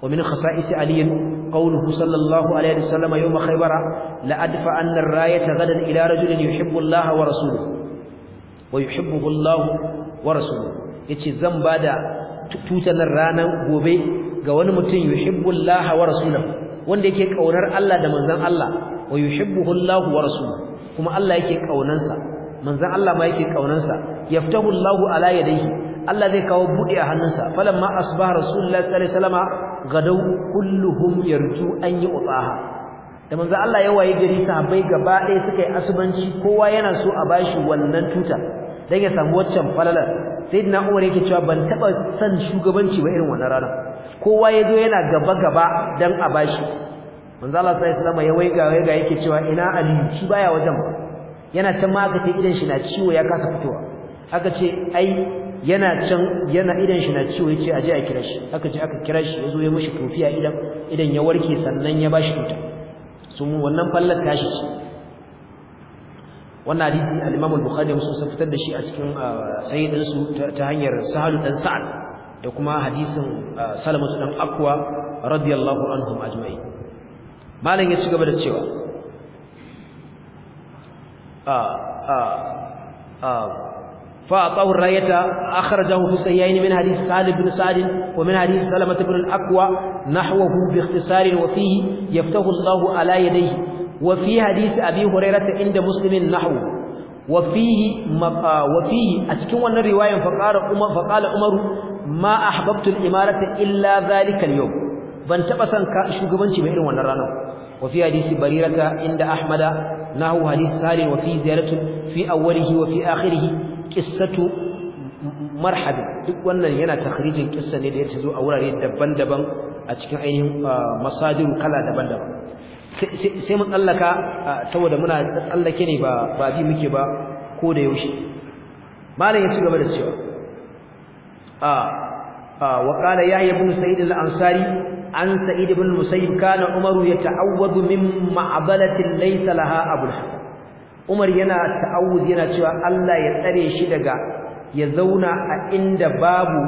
wa min khasa'is ali qawluhu sallallahu alaihi wasallam yawm khaybar la adfa anna ar-rayata gadan ila rajulin yuhibbu Allah wa rasuluhu wa yuhibbuhu Allah wa rasuluhu yace zan ba da tutanar ranan gobe ga wani mutum yuhibbullaha wa rasulahu wanda yake kaunar Allah da manzon Allah wa yuhibbuhu Allah wa rasuluhu kuma Allah yake kaunansa manzon Allah ma yake kaunansa yaftahu Allah ala yadayhi Allah zai kawo buɗe a hannunsa falamma asbaha rasulullahi sallallahu alaihi wasallam gadau kulluhum yarju an yu'taha da manzon Allah ya waye gari sahabbai gaba ɗaya suka yi asubanci kowa yana so a bashi wannan tuta dan ya samu waccan falalar sayyidina Umar yake cewa ban taba san shugabanci ba irin wannan rana kowa yazo yana gaba gaba dan a bashi manzo Allah sallallahu alaihi wasallam ya waiga waiga yake cewa ina Ali shi baya wajen yana can ma aka ce idan shi na ciwo ya kasa fitowa aka ce ai yana can yana idan shi na ciwo yace aje a kira shi aka ce aka kira shi yazo ya mishi tofiya idan idan ya warke sannan ya bashi tuta su wannan fallaka shi wannan hadisi al-Imam al-Bukhari musu sun fitar da shi a cikin ah, sahihin su ta hanyar Sahal dan Sa'ad da kuma hadisin ah, Salamatu dan Akwa radiyallahu anhum ajma'in malam ya ci gaba da cewa a a a فأعطاه الراية أخرجه في الصحيحين من حديث سعد بن سعد ومن حديث سلمة بن الأكوى نحوه باختصار وفيه يفتح الله على يديه وفي حديث أبي هريرة عند مسلم نحو وفيه وفيه أشكي أن الرواية فقال عمر فقال عمر ما أحببت الإمارة إلا ذلك اليوم بان تبسن كشغبنشي بإيرن wannan ranar وفي حديث بريرة عند أحمد نحو حديث سالم وفي زيارة في أوله وفي آخره قصة مرحب duk wannan yana takhrijin kissa ne da ya tazo a wurare daban-daban a cikin ainihin masadiru kala daban-daban sai mun tsallaka saboda muna tsallake ne ba ba bi muke ba ko da yaushe malam ya ci gaba da cewa a wa qala yahya ibn sa'id al-ansari an sa'id ibn musayyib kana umar yata'awwadu min ma'balatin laysa laha abul umar yana ta'awud yana cewa Allah ya tsare shi daga ya zauna a inda babu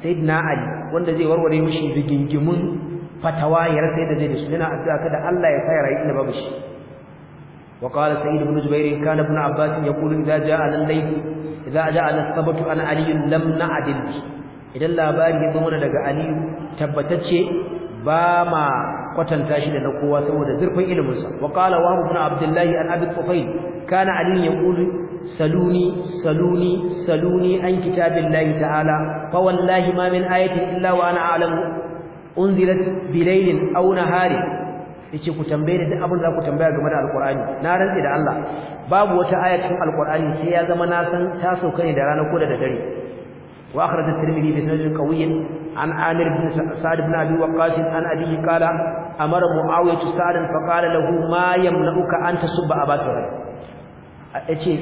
sayyidina ali wanda zai warware mishi rigingimun fatawa ya rasa yadda zai da su yana addu'a kada Allah ya sa ya rayu inda babu shi wa qala sa'id ibn jubair kana ibn abbas yaqulu idza ja'a al-layth idza ja'a al-sabatu an ali lam na'dil idan labari ya zama mana daga ali tabbatacce ba ma kwatanta shi da na kowa saboda zurfin ilimin sa wa qala wa ibn abdullahi an abi tufail kana ali yaqulu saluni saluni saluni an kitabillahi ta'ala fa wallahi ma min ayatin illa wa ana a'lamu unzilat bilailin aw nahari yace ku tambaye da abin da ku tambaya game da alqur'ani na rantsi da Allah babu wata aya cikin alqur'ani sai ya zama na san ta sauka ne da rana ko da dare wa akhrajat tirmidhi bi sanadin qawiyyin an amir bin sa'd ibn abi waqqas an abi qala amara muawiyah sa'd fa qala lahu ma yamna'uka an tasubba abaka yace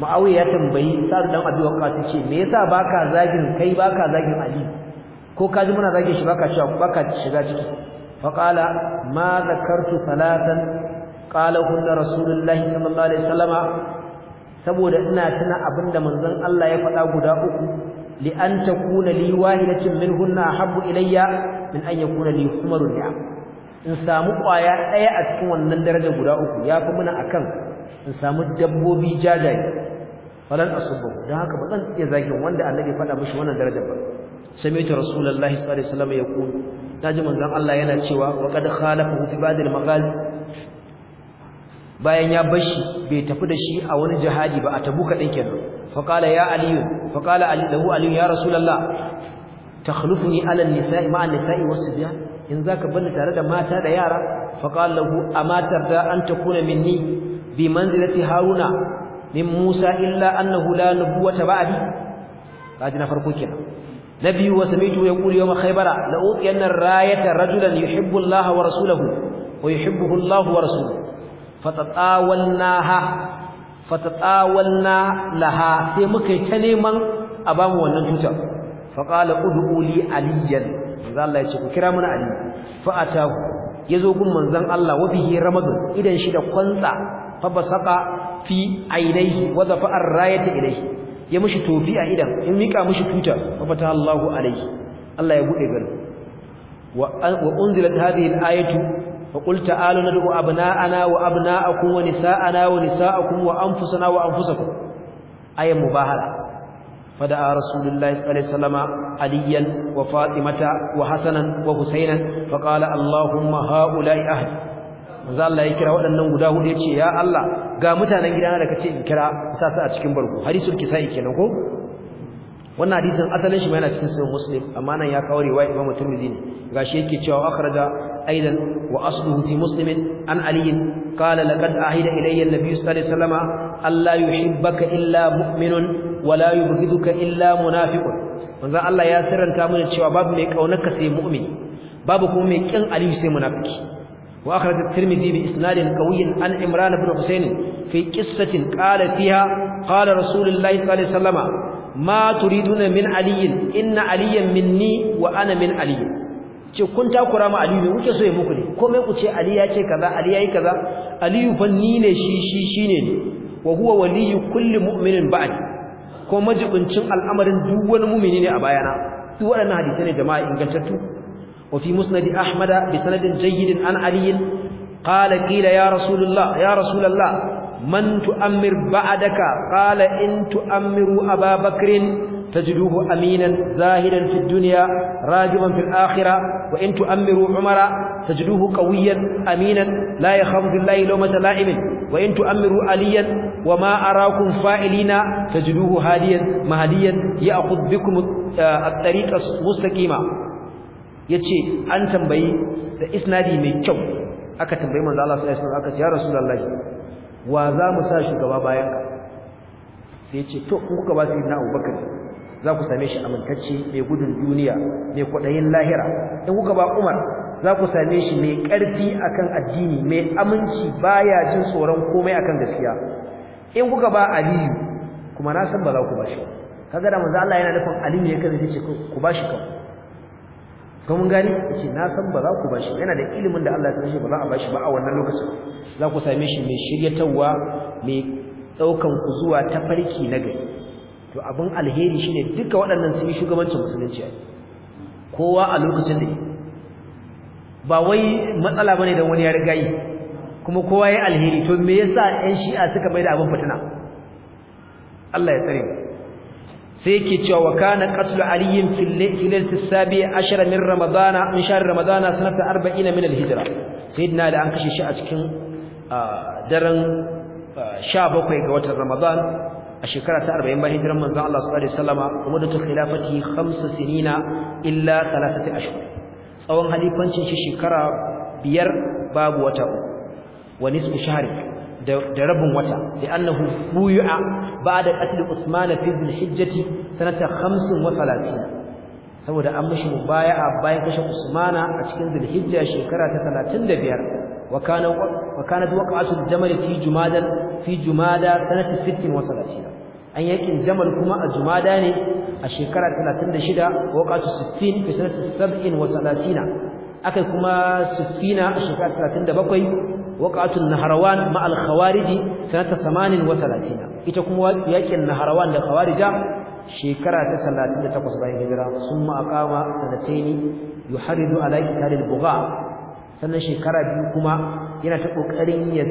muawiyah ya tambayi sa'd dan abi waqqas yace me yasa baka zagin kai baka zagin ali ko ka ji muna zage shi baka cewa baka shiga ciki fa qala ma zakartu salatan qala hunna rasulullahi sallallahu alaihi wasallama saboda ina tuna abinda manzon Allah ya faɗa guda uku li an takuna li wahidatin minhunna habbu ilayya min an yakuna li umaru ya in samu kwaya daya a cikin wannan daraja guda uku ya fi muna akan in samu dabbobi jajaye falan asubbu dan haka ba zan iya zagin wanda Allah ya faɗa mishi wannan darajar ba sami'tu rasulullahi sallallahu alaihi wasallam yaqul taji manzon Allah yana cewa wa qad khalafahu fi ba'd al-maghazi bayan ya bashi bai tafi da shi a wani jihadi ba a tabuka din kenan fa qala ya ali fa qala ali lahu ali ya rasulullah takhlufuni ala an-nisa'i ma'a an-nisa'i was-sibyan in zaka bani tare da mata da yara fa qala lahu amatar da an takuna minni bi manzilati haruna min musa illa annahu la nubuwata ba'di kaji na farko kenan نبي وسميته يقول يوم خيبر لأوطين الراية رجلا يحب الله ورسوله ويحبه الله ورسوله فتطاولناها فتطاولنا لها sai muka yi ta neman a ba mu wannan tutar faqala ud'u li aliyan manzo Allah ya ce ku kira mana ali fa atahu yazo gun manzon Allah wa bihi ramadun idan shi da kwantsa fa basaqa fi ainihi wa dafa ar-rayata ilayhi ya mishi tofi a idan in mika mishi tuta mafata Allahu alayhi, Allah ya bude garin wa unzilat hadhihi al-ayatu fa qul ta'alu nad'u abna'ana wa abna'akum wa nisa'ana wa nisa'akum wa anfusana wa anfusakum ayat mubahala فدعا رسول الله صلى الله عليه وسلم عليا وفاطمة وحسنا وحسينا فقال Allahumma هؤلاء أهل manzo Allah ya kira waɗannan guda hudu yace ya Allah ga mutanen gidana da kace in kira sa su a cikin barko hadisul kisai kenan ko wannan hadisin asalin shi ma yana cikin sunan muslim amma nan ya kawo riwaya imamu tirmidhi ne gashi yake cewa akhraja aidan wa asluhu fi muslim an ali qala laqad ahida ilayya an-nabiy sallallahu alaihi wasallam alla yuhibbaka illa mu'minun wa la yubghiduka illa munafiqun manzo Allah ya sirranta mana cewa babu mai kaunarka sai mu'mini babu kuma mai kin ali sai munafiki وأخرج الترمذي بإسناد قوي عن عمران بن حسين في قصة قال فيها قال رسول الله صلى الله عليه وسلم ما تريدون من علي إن علي مني وأنا من علي ce kun takura ma aliyu me kuke so ya muku ne komai ku ce ali ya ce kaza ali yi kaza aliyu fa ni ne shi shi shi ne wa huwa waliyyu kulli mu'minin ba'd ko majibincin al'amarin duk wani mu'mini ne a bayana duk waɗannan hadisi ne jama'a ingantattu وفي مسند أحمد بسند جيد عن علي قال قيل يا رسول الله يا رسول الله من تؤمر بعدك قال إن تؤمروا أبا بكر تجدوه أمينا زاهدا في الدنيا راجما في الآخرة وإن تؤمروا عمر تجدوه قويا أمينا لا يخاف بالله لومة لائم وإن تؤمروا عليا وما أراكم فائلين تجدوه هاديا مهديا يأخذ بكم الطريق المستقيمة yace an tambayi da isnadi mai kyau aka tambayi manzo Allah sallallahu alaihi wasallam aka ce ya rasulullahi wa za mu sa shugaba bayan ka sai yace to in kuka ba su na Abubakar za ku same shi amintacce mai gudun duniya mai kudayin lahira in kuka ba Umar za ku same shi mai karfi akan addini mai aminci baya jin tsoron komai akan gaskiya in kuka ba Aliyu kuma na san ba za ku ba shi kaga da manzo Allah yana nufin Aliyu ne kaza yace ku ba shi kawai ko mun gani yace na san ba za ku bashi yana da ilimin da Allah ya tashi ba za a bashi ba a wannan lokacin za ku same shi mai shiryatawa mai daukan ku zuwa farki na gari to abin alheri shine duka waɗannan sun yi shugabancin musulunci kowa a lokacin da ba wai matsala bane dan wani ya riga yi kuma kowa ya alheri to me yasa ƴan shi'a suka bai da abin fitina Allah ya tsare mu sai yake cewa wa kana qatlu aliyin fil layl tisabi ashara min ramadana min shahr ramadana sanata 40 min al-hijra sayyidina da an kashe shi a cikin daren 17 ga watan ramadan a shekara ta 40 bayan hijiran manzon Allah sallallahu alaihi wasallama kuma da khilafati 5 sinina illa 3 ashhur tsawon halifancin shi shekara biyar babu wata wa nisfu shahri da rabin wata da annahu buyu'a ba'da qatl Usman fi dhil-hijjati sanata 35 saboda an mishi mubaya'a bayan kashe Usmana a cikin dhil-hijja shekara ta 35 wa kana wa kanat waqa'atu jamal fi jumada fi jumada sanata 36 an yakin jamal kuma a jumada ne a shekara 36 waqa'atu 60 fi sanata 37 akai kuma sufina a shekara 37 waqatul nahrawan ma al khawarij sanata 38 ita kuma yakin nahrawan da khawarija shekara ta 38 bayan hijira summa aqama sanataini yuharidu ala qital al bugha sannan shekara biyu kuma yana ta kokarin ya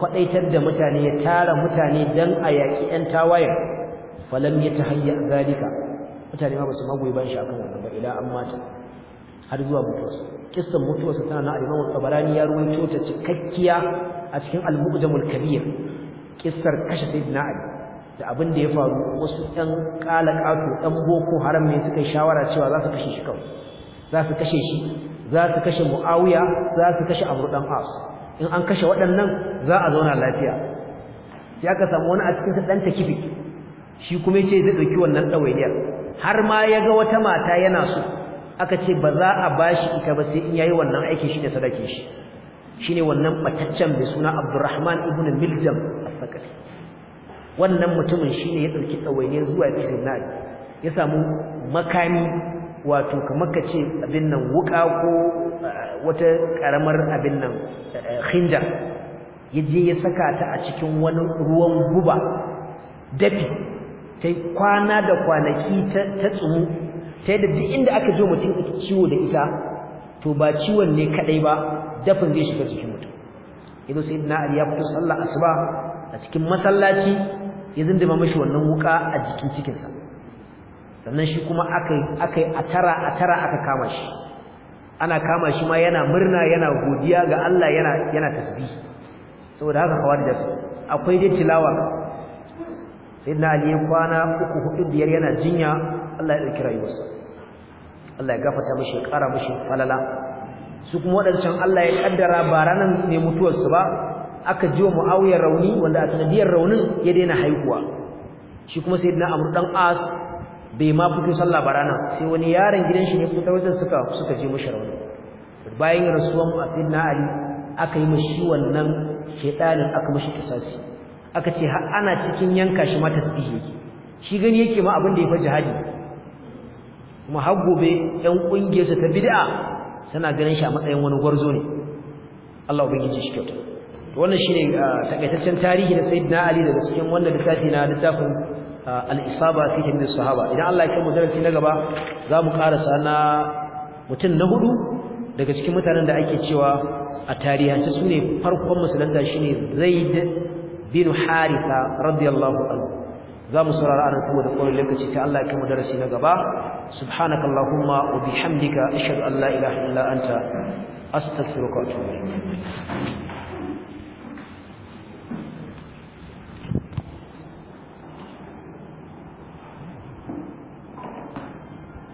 kwadaitar da mutane ya tara mutane dan a yaki yan tawaye falam yatahayya zalika mutane ma basu magoyi ban shi akan wannan ba ila amma har zuwa mutuwarsa kissan mutuwarsa tana na al Tabarani ya ruwaito ta cikakkiya a cikin Al-Mu'jamul Kabir kissar kashe Sayyidina Ali da abin da ya faru wasu ɗan kalakatu ɗan boko haram ne suka shawara cewa za su kashe shi kawai za su kashe shi za su kashe Muawiya za su kashe Amr dan As in an kashe waɗannan za a zauna lafiya sai aka samu wani a cikin dan takifi shi kuma yace zai dauki wannan ɗawainiyar har ma ya ga wata mata yana so aka ce ba za a bashi ita ba sai in yayi wannan aiki shi ne sadake shi shine wannan bataccen mai suna Abdurrahman ibn Miljam as-Sakali wannan mutumin shine ya dauki tsawaye zuwa cikin nari ya samu makami wato kamar ka ce abin nan wuka ko eh, wata karamar abin nan khinja eh, yaje ya saka ta a cikin wani ruwan guba dafi sai kwana da kwanaki ta tsumu ta da duk inda aka zo mutum ita ciwo da ita to ba ciwon ne kadai ba dafin zai shiga cikin mutum yanzu sayyidina ali ya fito sallah asuba a cikin masallaci ya zindima mashi wannan wuka a jikin cikinsa sannan shi kuma aka yi atara atara aka kama shi ana kama shi ma yana murna yana godiya ga Allah yana yana tasbih saboda haka da su akwai dai tilawa sayyidina ali ya kwana uku hudu biyar yana jinya Allah ya ɗauki rayuwarsa Allah ya gafarta mishi ya kara mishi falala su kuma wadancan Allah ya kaddara ba ranan ne mutuwar su ba aka jiwa Muawiya rauni wanda a sanadiyar raunin ya daina haihuwa shi kuma sayyidina Amr dan As bai ma fito sallah ba ranan sai wani yaron gidan shi ne kuma wajen suka suka ji mishi rauni bayan rasuwan Abdullah Ali aka yi mishi wannan shedanin aka mishi kisasi aka ce ana cikin yanka shi ma tasbihi shi gani yake ma abin da ya fa jihadi Mu har gobe ɗan ƙungiyarsa ta bid'a suna ganin shi a matsayin wani gwarzo ne Allah ubangiji shi kyauta wannan shine ah, takaitaccen tarihi na sayyidina ali daga cikin wannan littafi na littafin ah, al-isaba fi sahaba idan Allah ya kai mu darasi na gaba za mu karasa na mutum na hudu daga cikin mutanen da ake cewa a tarihance su ne farkon musulunta shine zaid bin haritha radiyallahu anhu za mu saurara anan kuma da ƙorin lokaci ta Allah ya darasi na gaba subhanakallahumma wa bihamdika ashhadu an la ilaha illa anta astaghfiruka wa atubu ilayk